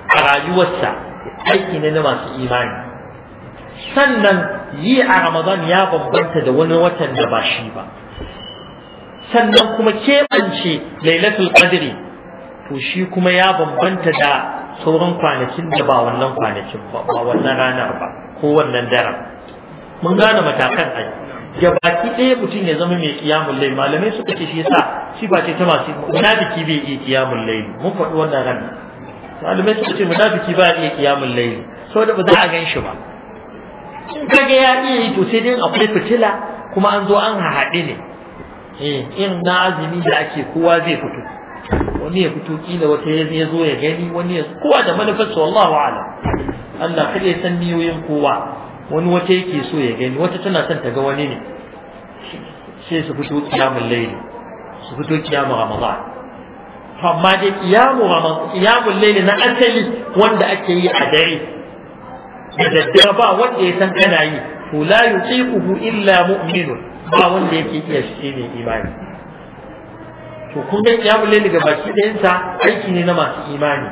a rayuwarsa aiki ne na masu imani sannan yi a ramadan ya bambanta da wani watan da ba shi ba sannan kuma keɓance lailatul qadri to shi kuma ya bambanta da sauran kwanakin da ba wannan kwanakin ba ba wannan ranar ba ko wannan daren mun gane matakan ai baki ɗaya mutum ya zama mai kiyamun lai malamai suka ce shi yasa shi ba ce ta masu munafiki bai iya kiyamun lai mun faɗi wannan ran malamai suka ce munafiki ba iya kiyamun lai saboda ba za a gan shi ba in kaga ya iya yi to sai dai akwai fitila kuma an zo an haɗe ne eh in na azumi da ake kowa zai fito wani ya fito kila wata ya zo ya gani wani ya kowa da manufarsa wallahu a'lam Allah kada ya san niyoyin kowa wani wata yake so ya gani wata tana son ta ga wani ne sai su fito kiyamun laili su fito kiyamun ramadan amma dai kiyamun ramadan kiyamun laili na asali wanda ake yi a dare da daddare ba wanda ya san kana yi to la yuqiquhu illa mu'minun ba wanda yake iya shi ne imani to kun ga qiyamul layl ga baki ɗayansa aiki ne na masu imani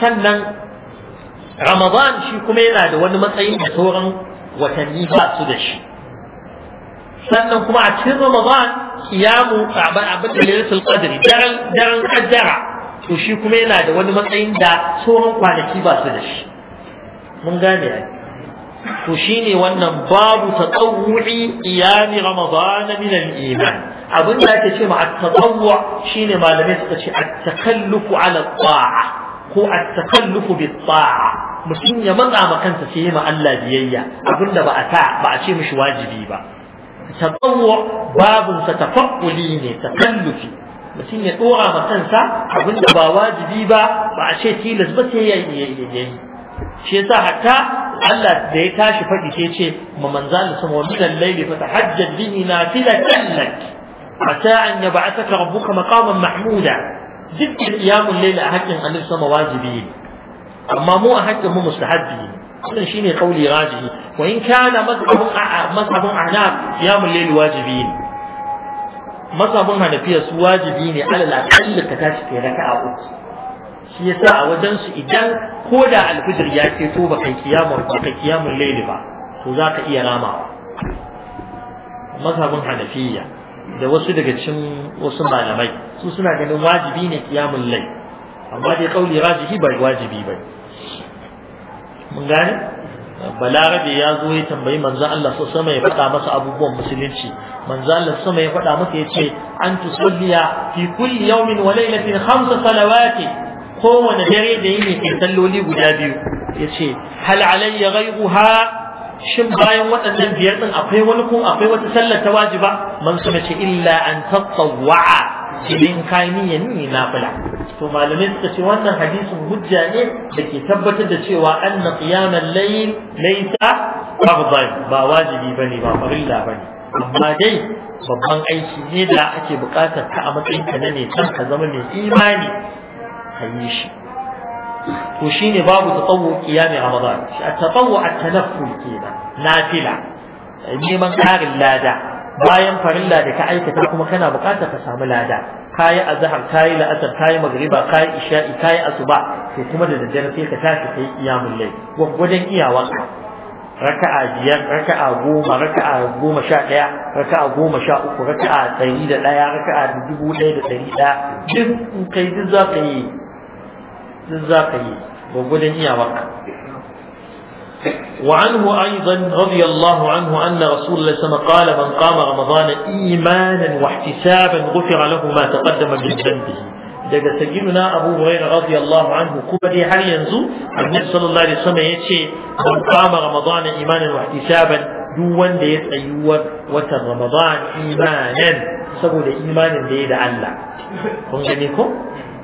sannan ramadan shi kuma yana da wani matsayin da sauran watanni ba su da shi sannan kuma a cikin ramadan qiyamu abin da lailatul qadri daren daren qadara to shi kuma yana da wani matsayin da sauran kwanaki ba su da shi mun gane ai to shine wannan babu tatawwu'i qiyam ramadan min al-iman abin da ake ce ma at shine malamai suka ce a takallufu ala ta'a ko a takallufu bi ta'a mutum ya matsa ma kansa sai ma Allah biyayya abin da ba a ta ba a ce mishi wajibi ba tatawwu babun sa tafakkuli ne takallufi mutum ya dora ma kansa abin da ba wajibi ba ba a ce tilas ba sai ya yi shi yasa hatta Allah da ya tashi faɗi ke ce ma manzalin sama wa minan laili fa tahajjad bihi nafilatan lak عسى أن يبعثك ربك مقاما محمودا ذكر القيام الليل أحد أن نسمى واجبين أما مو أحد مو مستحبين هذا شيء قولي راجعي وإن كان مذهب مذهب أعناق قيام الليل واجبين مذهب أنا في واجبين على الأقل كتاشف لك أوت شيء ساعة وجنس إذا هو على الفجر يأتي توبة قيام قيام الليل با وذاك إيه رامع مذهب حنفية da wasu daga cikin wasu malamai su suna ganin wajibi ne kiyamun lai amma dai kauli rajihi ba wajibi ba mun gane balarabe ya zo ya tambayi manzon Allah so sama ya faɗa masa abubuwan musulunci manzon Allah sama ya faɗa masa ya ce an tusalliya fi kulli yawmin wa laylatin khamsa salawati kowane dare da yini ke salloli guda biyu yace hal alayya ghayruha shin bayan waɗannan biyar ɗin akwai wani ko akwai wata sallar ta wajiba man suna ce illa an tattawwa'a idan ka niyyan ni nafila to malamai suka ce wannan hadisin hujja ne da ke tabbatar da cewa anna qiyamal layl laysa ba wajibi bane ba farilla bane amma dai babban aiki ne da ake buƙatar ka a matsayin ka na ne san ka zama mai imani ka yi shi to shine babu tatawwu qiyam ramadan at at-tanafful kenan nafila eh, neman karin lada bayan farilla da ka aikata kuma kana bukatar ka samu lada kayi azhar kayi la'asar kayi magriba kayi isha'i kayi asuba sai kuma da daddare sai ka tashi kai qiyamul layl gwaggwajen iyawanka raka'a biyar raka'a goma raka'a goma sha ɗaya raka'a goma sha uku raka'a ɗari da ɗaya raka'a dubu ɗaya da ɗari ɗaya duk kai duk za ka yi duk za ka yi gwagwadon iyawarka وعنه أيضا رضي الله عنه أن رسول الله صلى الله عليه وسلم قال من قام رمضان إيمانا واحتسابا غفر له ما تقدم من ذنبه daga sagiduna abu hurairah radiyallahu anhu kuma dai har yanzu annabi sallallahu alaihi wasallam yace man qama ramadana imanan wa ihtisaban duk wanda ya tsayuwa watan ramadan imanan saboda imanin da ya da Allah kun ko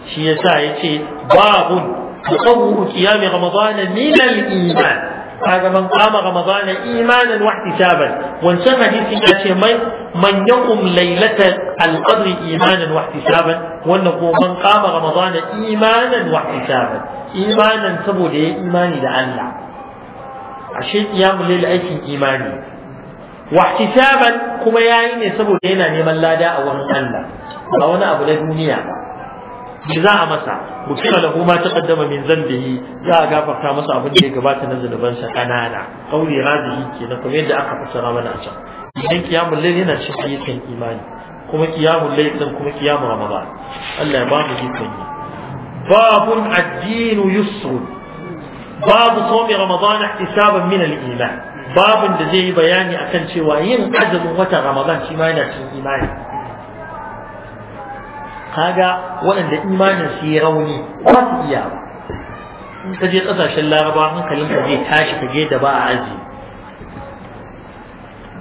shi yasa yace babun taqawwu qiyam ramadan min al-iman kaga man kama ramadana imanan wa ihtisaban wancan hadisin ya ce mai man yaqum laylata al-qadr imanan wa ihtisaban wannan ko man kama ramadana imanan wa ihtisaban imanan saboda ya imani da Allah ashe kiyamu lil aikin imani wa ihtisaban kuma yayi ne saboda yana neman lada a wurin Allah ba wani abu na duniya ba Bi za a masa gufira lahu ma taqaddama min zambihi za a gafarta masa abin da ya gabata na zunuban sa kanana kauli razihi kenan kuma yadda aka fassara mana a can idan kiyamul layl yana cikin ayyukan imani kuma kiyamul layl din kuma kiyamul ramadan Allah ya ba mu jikin yi babun addinu yusrun babu sawmi ramadan ihtisaban min al-iman babun da zai yi bayani akan cewa yin azumin watan ramadan shi ma yana cikin imani kaga waɗanda imanin su yi rauni ba su iya in ka je ƙasashen laraba hankalin ka zai tashi ka je da ba a aji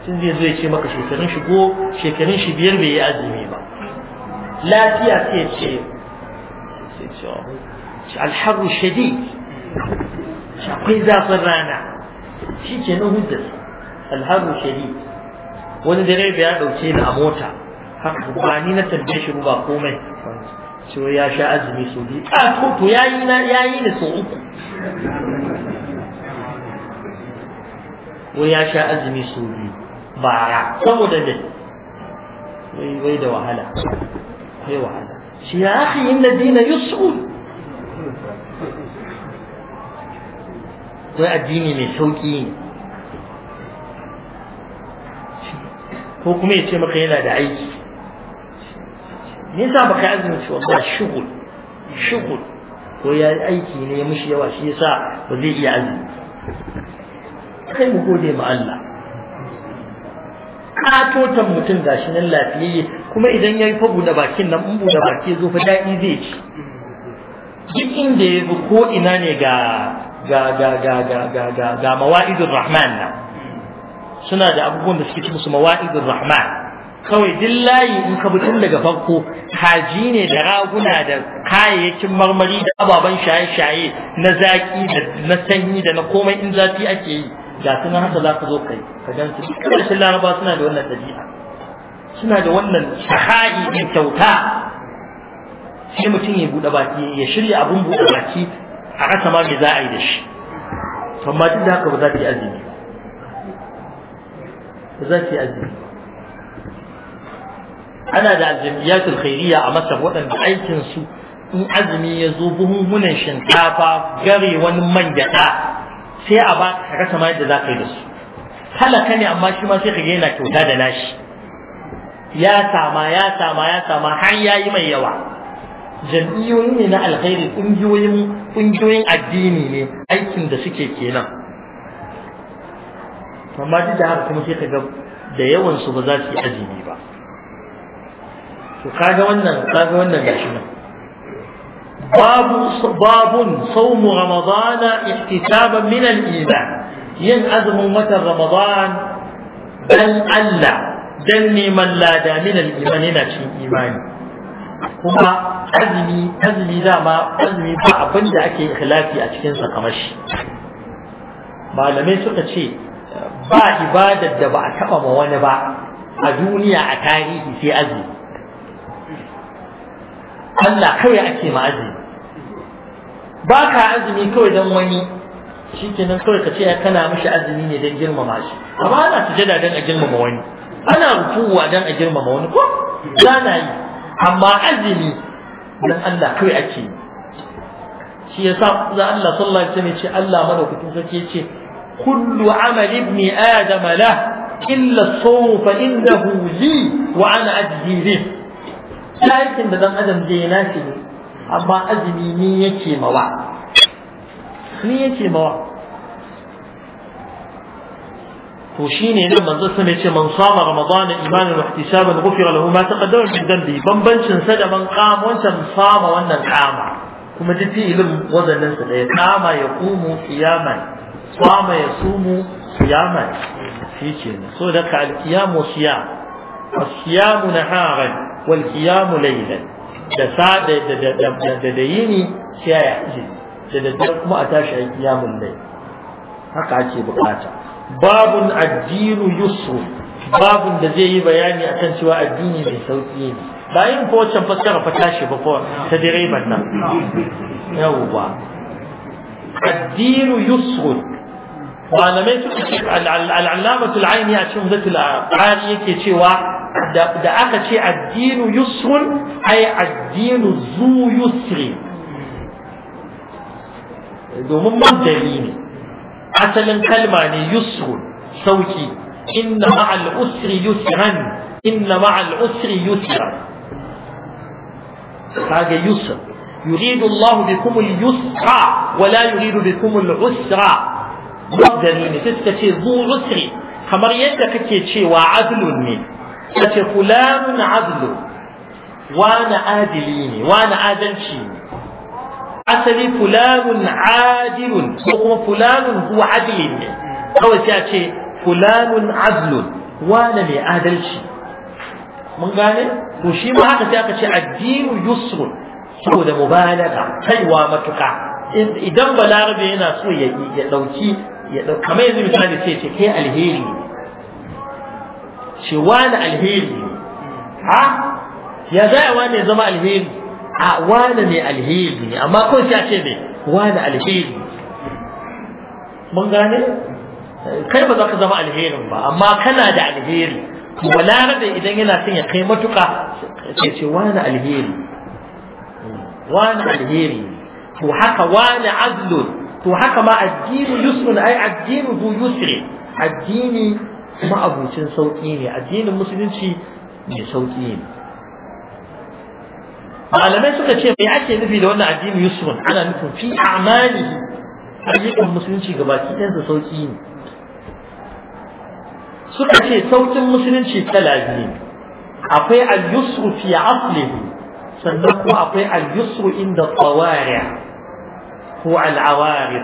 tun zai zo ya ce maka shekarun shi go shekarun shi biyar bai yi azumi ba lafiya sai ce oh, alharu shadi akwai zafin rana shi ke nan hujjarsa alharu shadi wani dare bai ya ɗauke ni a mota ba ni na tambaye shi ba komai so ya sha azumi so biyu a to to yayi na yayi ne so uku wai ya sha azumi so biyu bara saboda me wai wai da wahala wai wahala shi ya akhi inna dina Yusuf. wai addini mai sauƙi ne ko kuma ya ce maka yana da aiki me yasa baka azumin shi wallahi shugul shugul ko ya aiki ne ya mishi yawa shi yasa ba zai iya azumi kai mu gode ma Allah katotan mutum gashi nan lafiyayye kuma idan ya yi fa buɗe bakin nan in buɗe baki zo fa daɗi zai ci duk inda ya ko ina ne ga ga ga ga ga ga ga ga rahman nan suna da abubuwan da suke ci musu mawa'idin rahman kawai duk in ka bi tun daga farko kaji ne da raguna da kayayyakin marmari da ababen shaye-shaye na zaƙi da na sanyi da na komai in zafi ake yi ga su haka za ka zo kai ka gan su duk ƙarshen laraba suna da wannan ɗabi'a suna da wannan shaha'i da kyauta sai mutum ya buɗe baki ya shirya abin buɗe baki a rasa ma me za a yi da shi amma duk da haka ba za ta yi azumi ba za ta yi azumi ana da aljamiyatul khairiyya a masar waɗanda aikin su in azumi ya zo buhunhunan shinkafa gare wani man gyaɗa sai a ba ka rasa ma yadda za ka yi da su talaka ne amma shi ma sai ka yana kyauta da nashi ya sama ya sama ya sama har ya yi mai yawa jam'iyyoyi ne na alkhairi ƙungiyoyin ƙungiyoyin addini ne aikin da suke kenan amma duk da haka kuma sai ka ga da yawansu ba za su yi azumi ba to kaga wannan kaga wannan gashi nan babu babun sawmu ramadana ihtisaban min al-iman yin azumin watan ramadan dan Allah dan neman lada min al-iman yana cikin imani kuma azumi azumi dama azumi ba abin da ake ikhlasi a cikin sa kamar shi malamai suka ce ba ibadar da ba a taba ma wani ba a duniya a tarihi sai azumi Allah kawai ake ma azumi ba ka azumi kawai don wani shi kenan kawai ka ce kana mishi azumi ne don girmama shi amma ana sujada don a girmama wani ana rukuwa don a girmama wani ko za na yi amma azumi don Allah kawai ake yi shi ya sa za Allah sallallahu alaihi wasallam ce Allah madaukakin sarki ce kullu amal ibni adam la illa sawm fa innahu li wa ana ajzi ya aikin da dan adam zai na shi amma azumi ni yake mawa ni yake mawa to shine nan manzo sun ce man sama ramadana imanan wa ihtisaban ghufira lahu ma taqaddama min dhanbi bambancin sa da man qama wancan sama wannan qama kuma duk fi'ilin wazanin sa da qama yaqumu qiyaman qama yasumu qiyaman shi ke so da ka al-qiyam wa siyam as-siyam naharan والقيام ليلا ده ساده ده ده ده يني شيء ده ده كما اتاش قيام الليل هكا اكي بقاطا باب الدين يسر باب ده زي بياني عشان شو الدين اللي صوتي باين فوتشن فكر فتاشي بفو تدري بدنا يوبا الدين يسر وعلى ما العلامة العينية عشان ذات العالية كي da aka ce addinu yusrun ai addinu zu yusri domin mandari ne asalin kalma ne yusrun sauki inna ma'al usri yusran inna ma'al usri yusra kaga yusr يريد الله بكم اليسرى ولا يريد بكم العسرى مبدلين تسكتي ذو عسر kamar yadda kake cewa adlun ne Ace ce fulanin adlu wani adili ne wani adalci ne asali fulanin adilun ko kuma fulanin huwa adilin ne kawai sai a ce fulanin adlun wani mai adalci mun gane to shi ma haka sai aka ce addinu yusrun saboda mubalaga kaiwa matuka idan balarabe yana so ya dauki ya dauki kamar yanzu misali sai ce kai alheri shi wani alheri ha ya za a wani zama alheri a wani ne alheri ne amma kawai sai a ce ne wani alheri mun gane kai ba za ka zama alherin ba amma kana da alheri wala larabe idan yana son ya kai matuka sai ce wani alheri wani alheri to haka wani azlun to haka ma addini yusrun ai addini zu yusri addini kuma ma'abucin sauƙi ne addinin musulunci mai sauƙi ne malamai suka ce mai ake nufi da wannan addinin yusrun ana nufin fi amani ayyukan musulunci ga gabaki ɗansa sauƙi ne suka ce sauƙin musulunci kala biyu akwai al-yusru fi aslihi sannan kuma akwai al-yusru inda tsawariya ko al awarid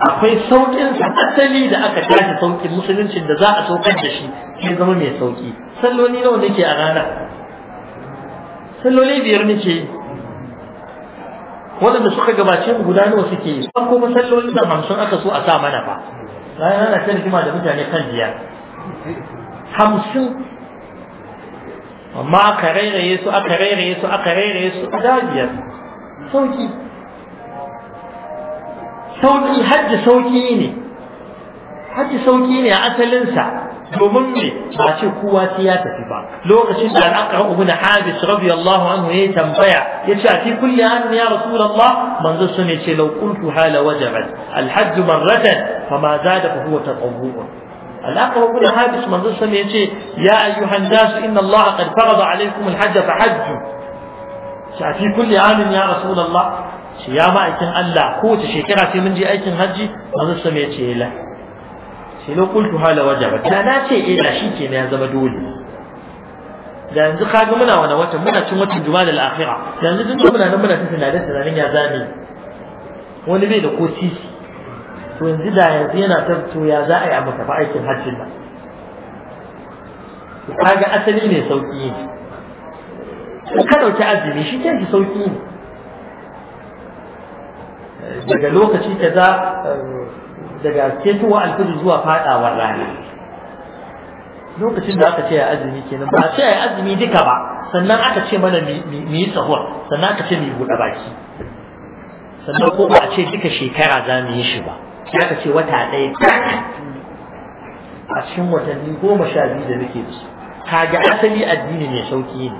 akwai saukin asali da aka tashi saukin musuluncin da za a saukar da shi ya zama mai sauki salloli nawa nake a rana salloli biyar nake waɗanda suka gabace mu guda nawa suke yi an kuma salloli da hamsin aka so a sa mana ba bayan ana kan hikima da mutane kan biyar hamsin amma aka rairaye su aka rairaye su aka rairaye su guda biyar sauki sauki hajji sauki ne hajji sauki ne a asalinsa domin me ba ce kowa sai ya tafi ba lokacin da al-aqra ibn habis radiyallahu anhu yayi tambaya yace a fi kulli an ya rasulullah manzo sun yace law qultu hala wajabat al-hajj marratan fama zada fa huwa tatawwu al-aqra ibn habis manzo sun yace ya ayyuhan nas inna allaha qad farada alaykum al-hajj fa hajju a fi kulli an ya rasulullah shi ya ma'aikin Allah kowace shekara sai mun je aikin hajji manzo sama ya ce la shi lo qultu hala wajaba da na ce eh da shi kenan ya zama dole da yanzu kaga muna wani watan muna cin watan al-akhirah da yanzu duk muna nan muna tafi da tunanin ya zame wani bai da ko sisi to yanzu da yanzu yana tabbato ya za a yi a tafi fa aikin hajjin nan kaga asali ne sauki ne ka dauki azumi shi kanki sauki ne daga lokaci kaza um, daga ketuwa alfijir zuwa fadawar rana lokacin da aka ce ya azumi kenan ba a ce ya azumi duka ba sannan aka ce mana mu yi sahur sannan aka ce mu buɗe baki sannan ko ba a ce duka shekara za mu yi shi ba Ya ka ce wata ɗaya a cikin watanni goma sha biyu da muke ci kaga asali addini mai sauki ne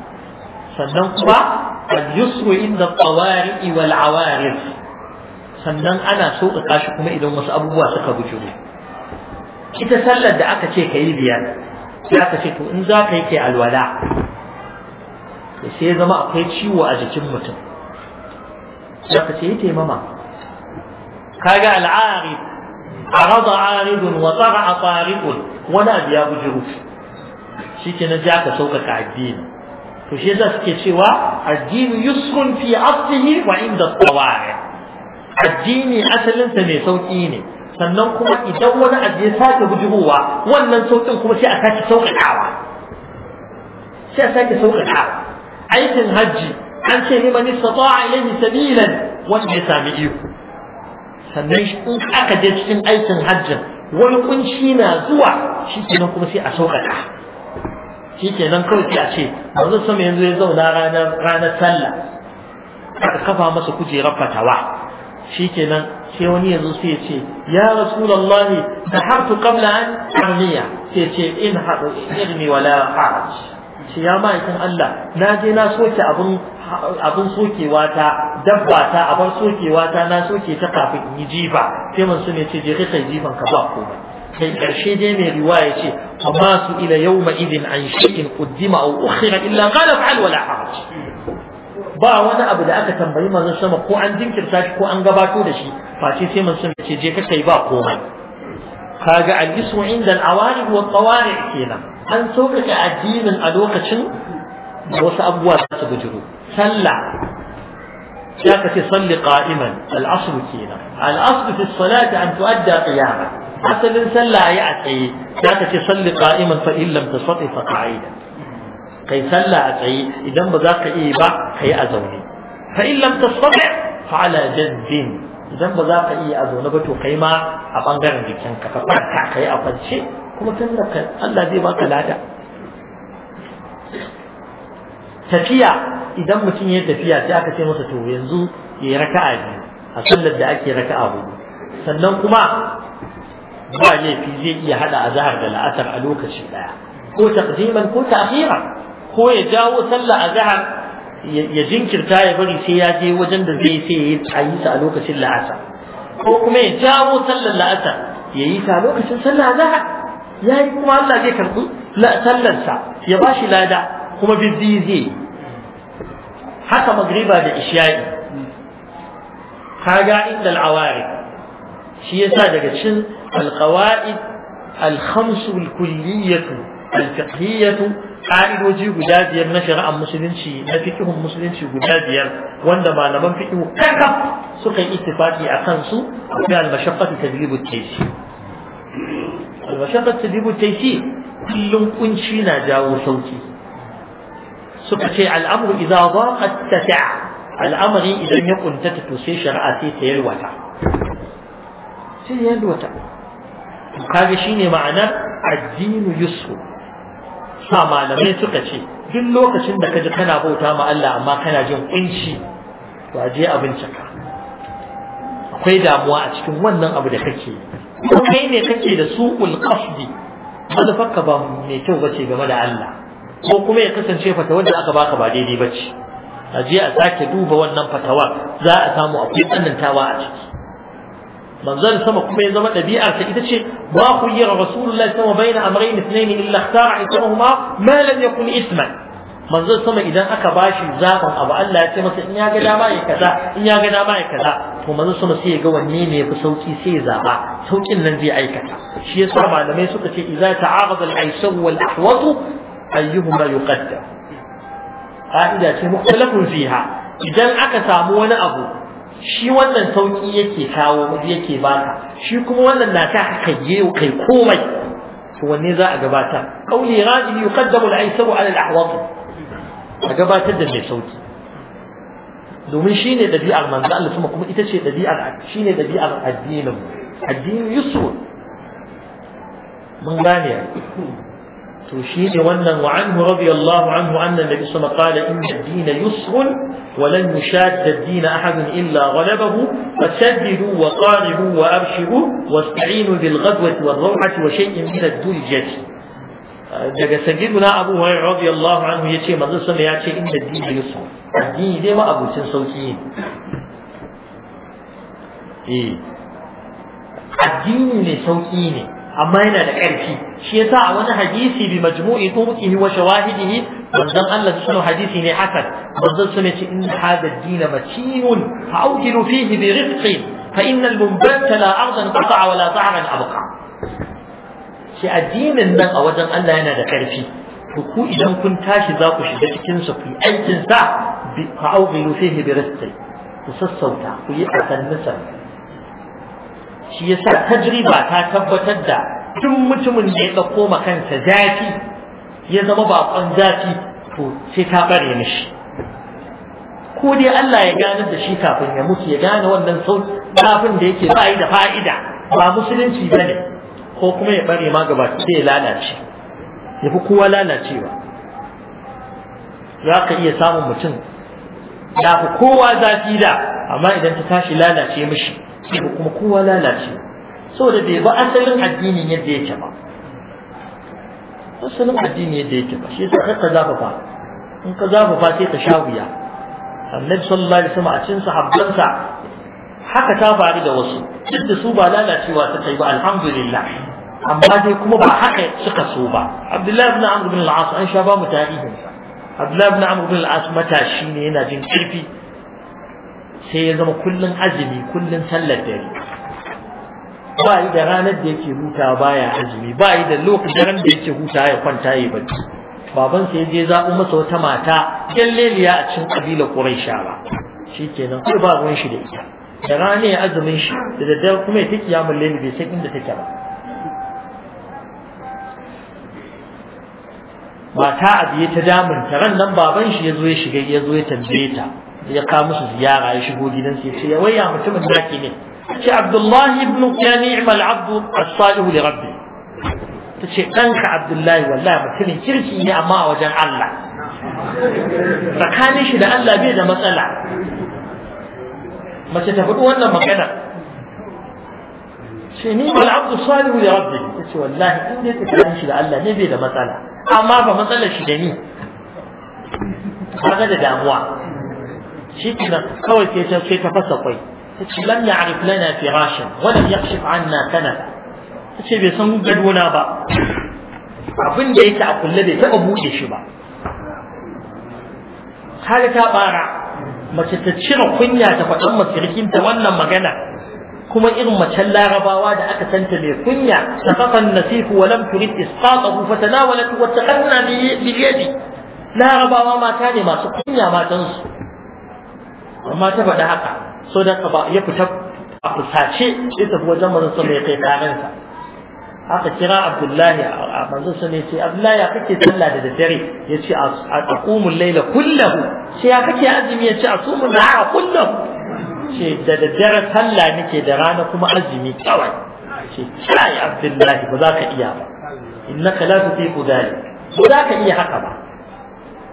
sannan kuma al yusru inda tsawari wal awarif sannan ana sauƙaƙa shi kuma idan wasu abubuwa suka bujuru ita sallar da aka ce ka yi biyar sai aka ce to in za ka yi kai alwala sai ya zama akwai ciwo a jikin mutum sai aka ce yi taimama kaga al'arif arada aridun wa tsara tsari'un wani abu ya bujuru shi ke na ja ka sauƙaƙa addini to shi yasa suke cewa addini yusrun fi aslihi wa inda tsawari addini asalinsa mai sauƙi ne sannan kuma idan wani abu ya sake bujirowa wannan sauƙin kuma sai a sake sauƙaƙawa sai a sake sauƙaƙawa aikin hajji an ce ni liman istata'a ilayhi sabilan wanda ya sami iko sannan in aka je cikin aikin hajjin wani kunci na zuwa shikenan kuma sai a sauƙaƙa shikenan kawai sai a ce a manzon sama yanzu ya zauna ranar ranar sallah aka kafa masa kujerar fatawa shikenan sai wani yazo sai ya ce ya rasulullah nahartu qabla an armiya sai ce in hadu irmi wala haraj ya ma'aikin Allah na je na soke abun abun sokewa ta dabba ta abar sokewa ta na soke ta kafin in yi jifa sai mun sune ce je kai jifan ka ba komai kai karshe dai mai riwaya ce amma su ila yawma idin an shi'in quddima aw ukhira illa ghalab al wala haraj ba wani abu da aka tambayi manzon sama ko an jinkirta shi ko an gabato da shi face sai manzon ya ce je ka kai ba komai kaga al-ismu inda al-awarib wa qawari kenan an sauƙaƙe addinin a lokacin da wasu abubuwa za su sallah ya ka ce salli qa'iman al-asr kenan al-asr fi salati an tu'adda qiyaman asalin sallah ayi a tsaye ya ka ce salli qa'iman fa in tastati fa qa'idan kai sallah a tsaye idan ba za ka iya ba kai a zaune fa in lam tastati fa ala jaddin idan ba za ka iya a zaune ba to kai ma a bangaren jikinka ka farka kai a kwance kuma sallar ka Allah zai baka lada tafiya idan mutum ya tafiya sai aka ce masa to yanzu ya yi raka'a biyu a sallar da ake raka'a hudu sannan kuma ba laifi zai iya hada azhar da la'asar a lokaci daya ko taqdiman ko ta'khira ko ya jawo sallah a zahar ya jinkirta ya bari sai ya je wajen da zai sai ya yi a lokacin la'asar ko kuma ya jawo sallar la'asar ya yi ta lokacin sallah zahar ya yi kuma Allah zai karɓi sallarsa ya ba shi lada kuma bizzi zai haka magriba da isha'i kaga inda al'awari shi yasa daga cin alqawaid الخمس الكلية alfiqhiyyatu ka'idoji guda biyar na shari'ar musulunci na fiqhun musulunci guda biyar wanda malaman fiqh kanka suka yi ittifaqi a kansu da al-mashaqqatu tajlibu at-taysir al-mashaqqatu tajlibu at-taysir kullun kunci na jawo sauki suka ce al-amru idza daqat tata'a al-amri idan ya kuntata to sai shari'a sai ta yalwata sai yalwata kaga shine ma'anar addinu yusuf sa malamai suka ce duk lokacin da kaji kana bauta ma Allah amma kana jin kunci to aje a bincika akwai damuwa a cikin wannan abu da kake ko kai ne kake da suqul qasdi manufarka ba mai kyau bace game da Allah ko kuma ya kasance fata wanda aka baka ba daidai bace aje a sake duba wannan fatawar za a samu akwai tsanantawa a ciki manzon sama kuma ya zama ɗabi'ar ta ita ce ba ku yi rasulullahi sama baina amrayn ithnayn illa ikhtara kuma malam ya kuni isman manzon sama idan aka shi zaban abu Allah ya ce masa in ya ga dama ya kaza in ya ga dama ya kaza to manzon sama sai ya ga wanne ne yafi sauki sai ya zaɓa, saukin nan zai aikata shi yasa malamai suka ce iza ta'arada al-aishu wal ahwatu ayyuhuma yuqaddam ka'ida ce mukhtalafun fiha idan aka samu wani abu shi wannan sauki yake kawo yake baka shi kuma wannan na ta ka je kai komai to wanne za a gabata qawli rajihi yuqaddamu al-aysaru ala al-ahwat a gabatar da mai sauki domin shine dabi'ar manzo Allah kuma kuma ita ce dabi'ar shine dabi'ar addinin addinin yusuf mun gane to shine wannan wa anhu radiyallahu anhu anna nabi sallallahu alaihi wasallam qala inna ad-din yusrun ولن يشاد الدين أحد إلا غلبه فسددوا وقاربوا وأبشروا واستعينوا بالغدوة والروحة وشيء من الدلجة daga sayyiduna abu hurairah radiyallahu anhu yace manzon sallallahu ya ce inna dini yusuf addini dai ma abucin sauki ne eh addini ne sauki ne amma yana da ƙarfi shi yasa a wani hadisi bi majmu'i turqihi wa shawahidihi manzon Allah sunu hadisi ne hasan manzon sunu ce in hadha ad-din matinun fa'udilu fihi bi rifqi fa inna al-munbatta la ardan qata'a wa la ta'ran abqa shi addinin nan a wajen Allah yana da ƙarfi to ku idan kun tashi za ku shiga cikin sa ku aikin sa fa'udilu fihi bi rifqi ku sassauta ku yi asannisan shi yasa tajriba ta tabbatar da tun mutumin da ya dauko kansa zafi ya zama bakon zafi to sai ta bare mishi ko dai Allah ya gane da shi kafin ya mutu ya gane wannan kafin da yake ba da fa'ida ba musulunci bane ko kuma ya bare ma gaba sai ya lalace ya fi kowa lalacewa za ka iya samun mutum ya fi kowa zafi da amma idan ta tashi lalace mishi sai ga kuma kowa lalace saboda bai ba asalin addinin yadda yake ba asalin addini yadda yake ba shi yasa kai ka zafafa in ka zafafa sai ka sha wuya annabi sallallahu alaihi wasallam a cikin sahabbansa haka ta faru da wasu duk da su ba lalacewa ta kai ba alhamdulillah amma dai kuma ba haka suka so ba abdullahi ibn amr ibn al-as an sha ba mu tarihin sa abdullahi ibn amr ibn al-as matashi ne yana jin kirfi sai ya zama kullun azumi kullun sallar dare ba yi da ranar da yake huta baya azumi ba yi da lokacin da yake huta ya kwanta ya bacci baban sai je zaɓo masa wata mata leliya a cikin quraisha ba shikenan kai ba ruwan shi da ita da rana ya azumin shi da daddare kuma ya ya yamun leli bai san inda take ba mata a biye ta damun ta ran nan baban shi ya zo ya shiga ya zo ya tambaye ta ya ka musu ziyara ya shigo gidansu ya ce ya waya mutumin naki ne ce abdullahi ibn ya ni'mal abdu as-salihu li rabbi ta ce ɗanka abdullahi wallahi mutumin kirki ne amma a wajen Allah tsakanin shi da Allah bai da matsala mace ta faɗi wannan magana ce ni mal abdu salihu li rabbi ta ce wallahi in dai tsakanin shi da Allah ne bai da matsala amma ba matsalar shi da ni kaga da damuwa shi kawai sai ta sai ta fasa kwai ta ce lam ya'rif lana firashin wa lam yakshif anna kanafa ta ce bai san gadona ba abin da yake a kulle bai taɓa buɗe shi ba har ta bara mace ta cire kunya ta masirkin ta wannan magana kuma irin macen larabawa da aka santa mai kunya safafan nasihu, wa lam turid isqatahu fa tanawalat wa taqanna bi yadi larabawa mata ne masu kunya matansu amma ta faɗi haka so da ka ba ya fita a fusace sai tafi wajen manzon sama ya kai karansa haka kira abdullahi a manzon sama ya ce abdullahi ya kake sallah da daddare ya ce a tsakumun laila kullahu sai ya kake azumi ya ce a sumun nahara kullahu ce da daddare sallah nake da rana kuma azumi kawai ce kai abdullahi ba za ka iya ba innaka la tutiqu dhalik ba za ka iya haka ba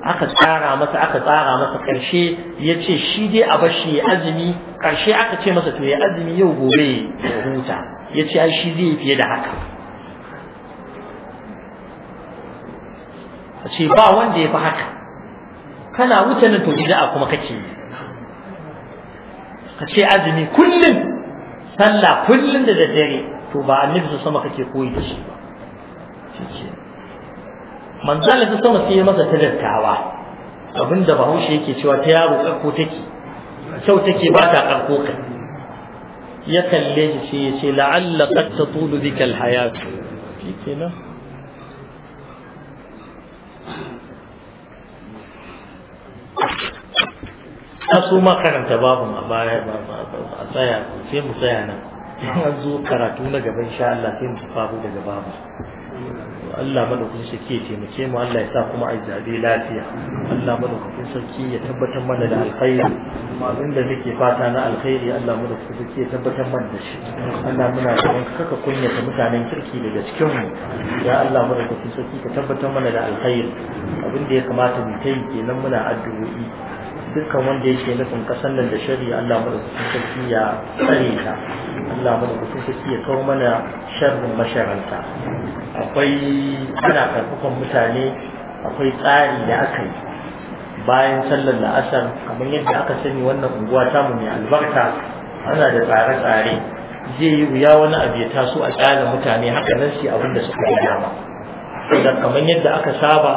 aka tsara masa aka tsara masa karshe ya ce shi dai a bashi ya azumi karshe aka ce masa to ya azumi yau gobe ya huta ya ce shi zai fiye da haka a ce ba wanda ya fi haka kana wuce nan to bid'a kuma kake yi ka ce azumi kullum sallah kullum da daddare to ba annabi su sama kake koyi da shi ba manzala ta sama sai masa ta dattawa abinda bahaushe yake cewa ta yaro karko take kyau take ba ta karko kai ya kalle shi sai ya ce la'alla qad tatulu bika alhayat shikenan a su makaranta babu a baya a tsaya sai mu tsaya nan an zo karatu na gaban sha Allah sai mu faru daga babu Allah madaukakin sarki ya taimake mu Allah ya sa kuma a zabe lafiya Allah madaukakin sarki ya tabbatar mana da alkhairi abin da nake fata na alkhairi Allah madaukakin sarki ya tabbatar mana da shi Allah muna roƙon kaka kunyata mutanen kirki daga cikin mu ya Allah madaukakin sarki ka tabbatar mana da alkhairi abin da ya kamata mu kai kenan muna addu'o'i dukkan wanda yake nufin kasan nan da shari, Allah madaukakin sarki ya tsare ta Allah madaukakin sarki ya kawo mana sharrin masharanta akwai ana karfafan mutane akwai tsari da aka yi bayan sallar la'asar kamar yadda aka sani wannan unguwa mu mai albarka ana da tsare-tsare zai yi wuya wani abu ya taso a tsarin mutane haka nan sai abin da suka yi dama kamar yadda aka saba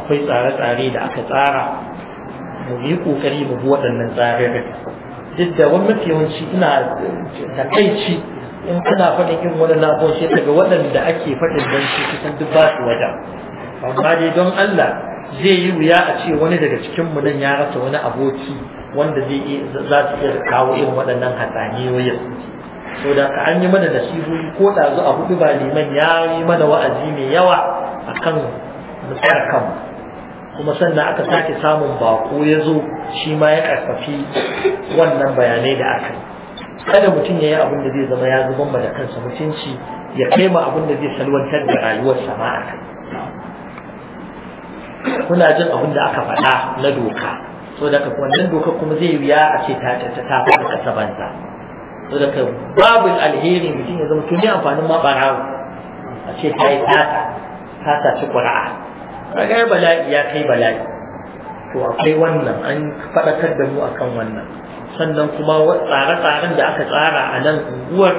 akwai tsare-tsare da aka tsara mu yi kokari mu bi waɗannan tsarirrin duk da wani mafi yawanci ina takaici in kana faɗin irin wani abubuwan daga waɗanda ake faɗin don shi kusan duk ba su wajen amma dai don Allah zai yi wuya a ce wani daga cikin mu nan ya rasa wani aboki wanda zai za su iya kawo irin waɗannan hatsaniyoyin so da ka an yi mana nasihohi ko ɗazu a hudu ba liman ya yi mana wa'azi mai yawa a kan tsaya kanmu kuma sannan aka sake samun bako ya zo shi ma ya karfafi wannan bayanai da aka yi kada mutum ya yi abin da zai zama ya zuban ma da kansa mutunci ya kai ma abin da zai salwantar da rayuwarsa ma a kai kuna jin abin da aka faɗa na doka so da ka wannan doka kuma zai wuya a ce ta ta ta ta kasa banza so da ka babu alheri mutum ya zama tuni amfanin ma ɓarawo a ce ta yi tata ta saci ƙura'a ragar bala'i ya kai bala'i to akwai wannan an faɗakar da mu akan wannan sannan kuma tsare-tsaren da aka tsara a nan unguwar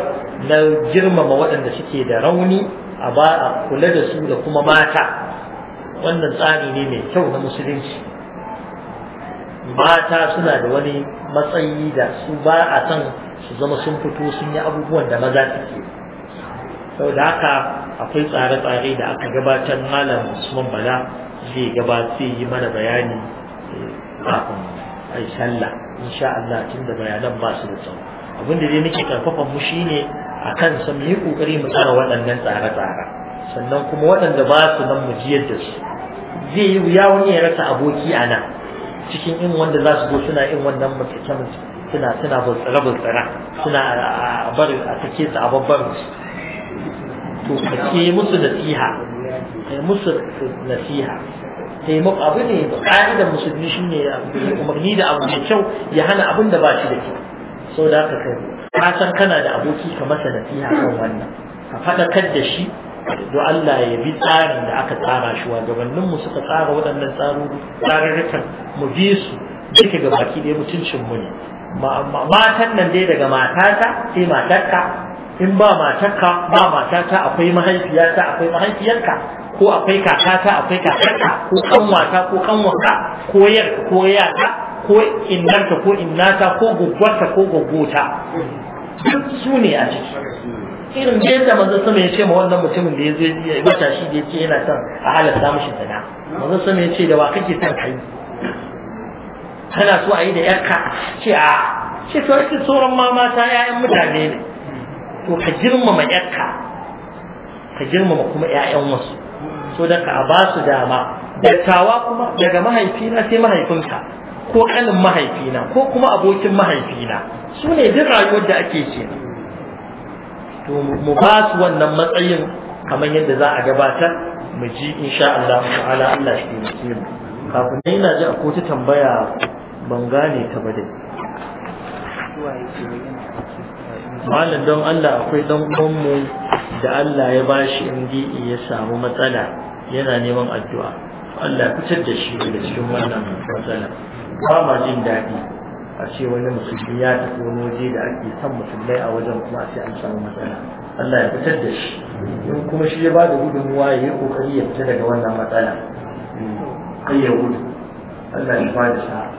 na girmama waɗanda suke da rauni a ba a kula da su da kuma mata wannan tsari ne mai kyau na musulunci mata suna da wani matsayi da su ba a san su zama sun fito sun yi abubuwan da maza suke saboda haka akwai tsare-tsare da aka gabatar malam Usman Bala zai gabata yi mana bayani eh, kafin a sallah insha Allah tun da bayanan ba su da tsawo abin da dai nake karfafa mu shine akan kan mu yi kokari mu tsara waɗannan tsare-tsare sannan kuma waɗanda ba su nan mu jiyar da su zai yi wuya wani ya rasa aboki a nan cikin in wanda za su zo suna in wannan mutsace suna suna bultsara bultsara suna a bar a take su a babbar. to musu nasiha kai musu nasiha taimako abu ne ka'idar musulmi shi ne umarni da abu mai kyau ya hana abin da ba shi da kyau sau da aka kai ka san kana da aboki ka masa nasiha kan wannan ka faɗakar da shi don Allah ya bi tsarin da aka tsara shi mu suka tsara waɗannan tsarurrukan mu bi su duka ga baki ɗaya mutuncin mu ne matan nan dai daga matata sai matarka in ba matarka ba matata akwai mahaifiyata akwai mahaifiyarka ko akwai kakata akwai kakarka ko kanwata ko kanwarka ko yarka ko yata ko innarka ko innata ko gugwarta ko gugguta duk su ne a ciki irin da yadda manzo sama ya ce ma wannan mutumin da ya zo ya wata shi da ya ce yana son a halatta mishi tana manzo sama ya ce da wa kake son kai kana so a yi da yarka ce a ce to sauran ma mata 'ya'yan mutane ne to ka girmama yarka ka girmama kuma ƴaƴan wasu so da ka ba su dama dattawa kuma daga mahaifina sai mahaifinka ko kanin mahaifina ko kuma abokin mahaifina su ne duk rayuwar da ake ce to mu ba su wannan matsayin kamar yadda za a gabatar mu ji insha Allah ta'ala Allah shi ne mu kafin ne ina ji akwai ta tambaya ban gane ta ba dai malam don Allah akwai dan uwanmu da Allah ya bashi indi e ya samu matsala yana neman addu'a Allah ya fitar da shi daga cikin wannan matsala ba ma jin daɗi a ce wani musulmi ya tafi wani waje da ake son musulmai a wajen kuma sai an samu matsala Allah ya fitar da shi in kuma shi ya bada gudunmuwa ya yi kokari ya fita daga wannan matsala kai ya gudu Allah ya bada sa'a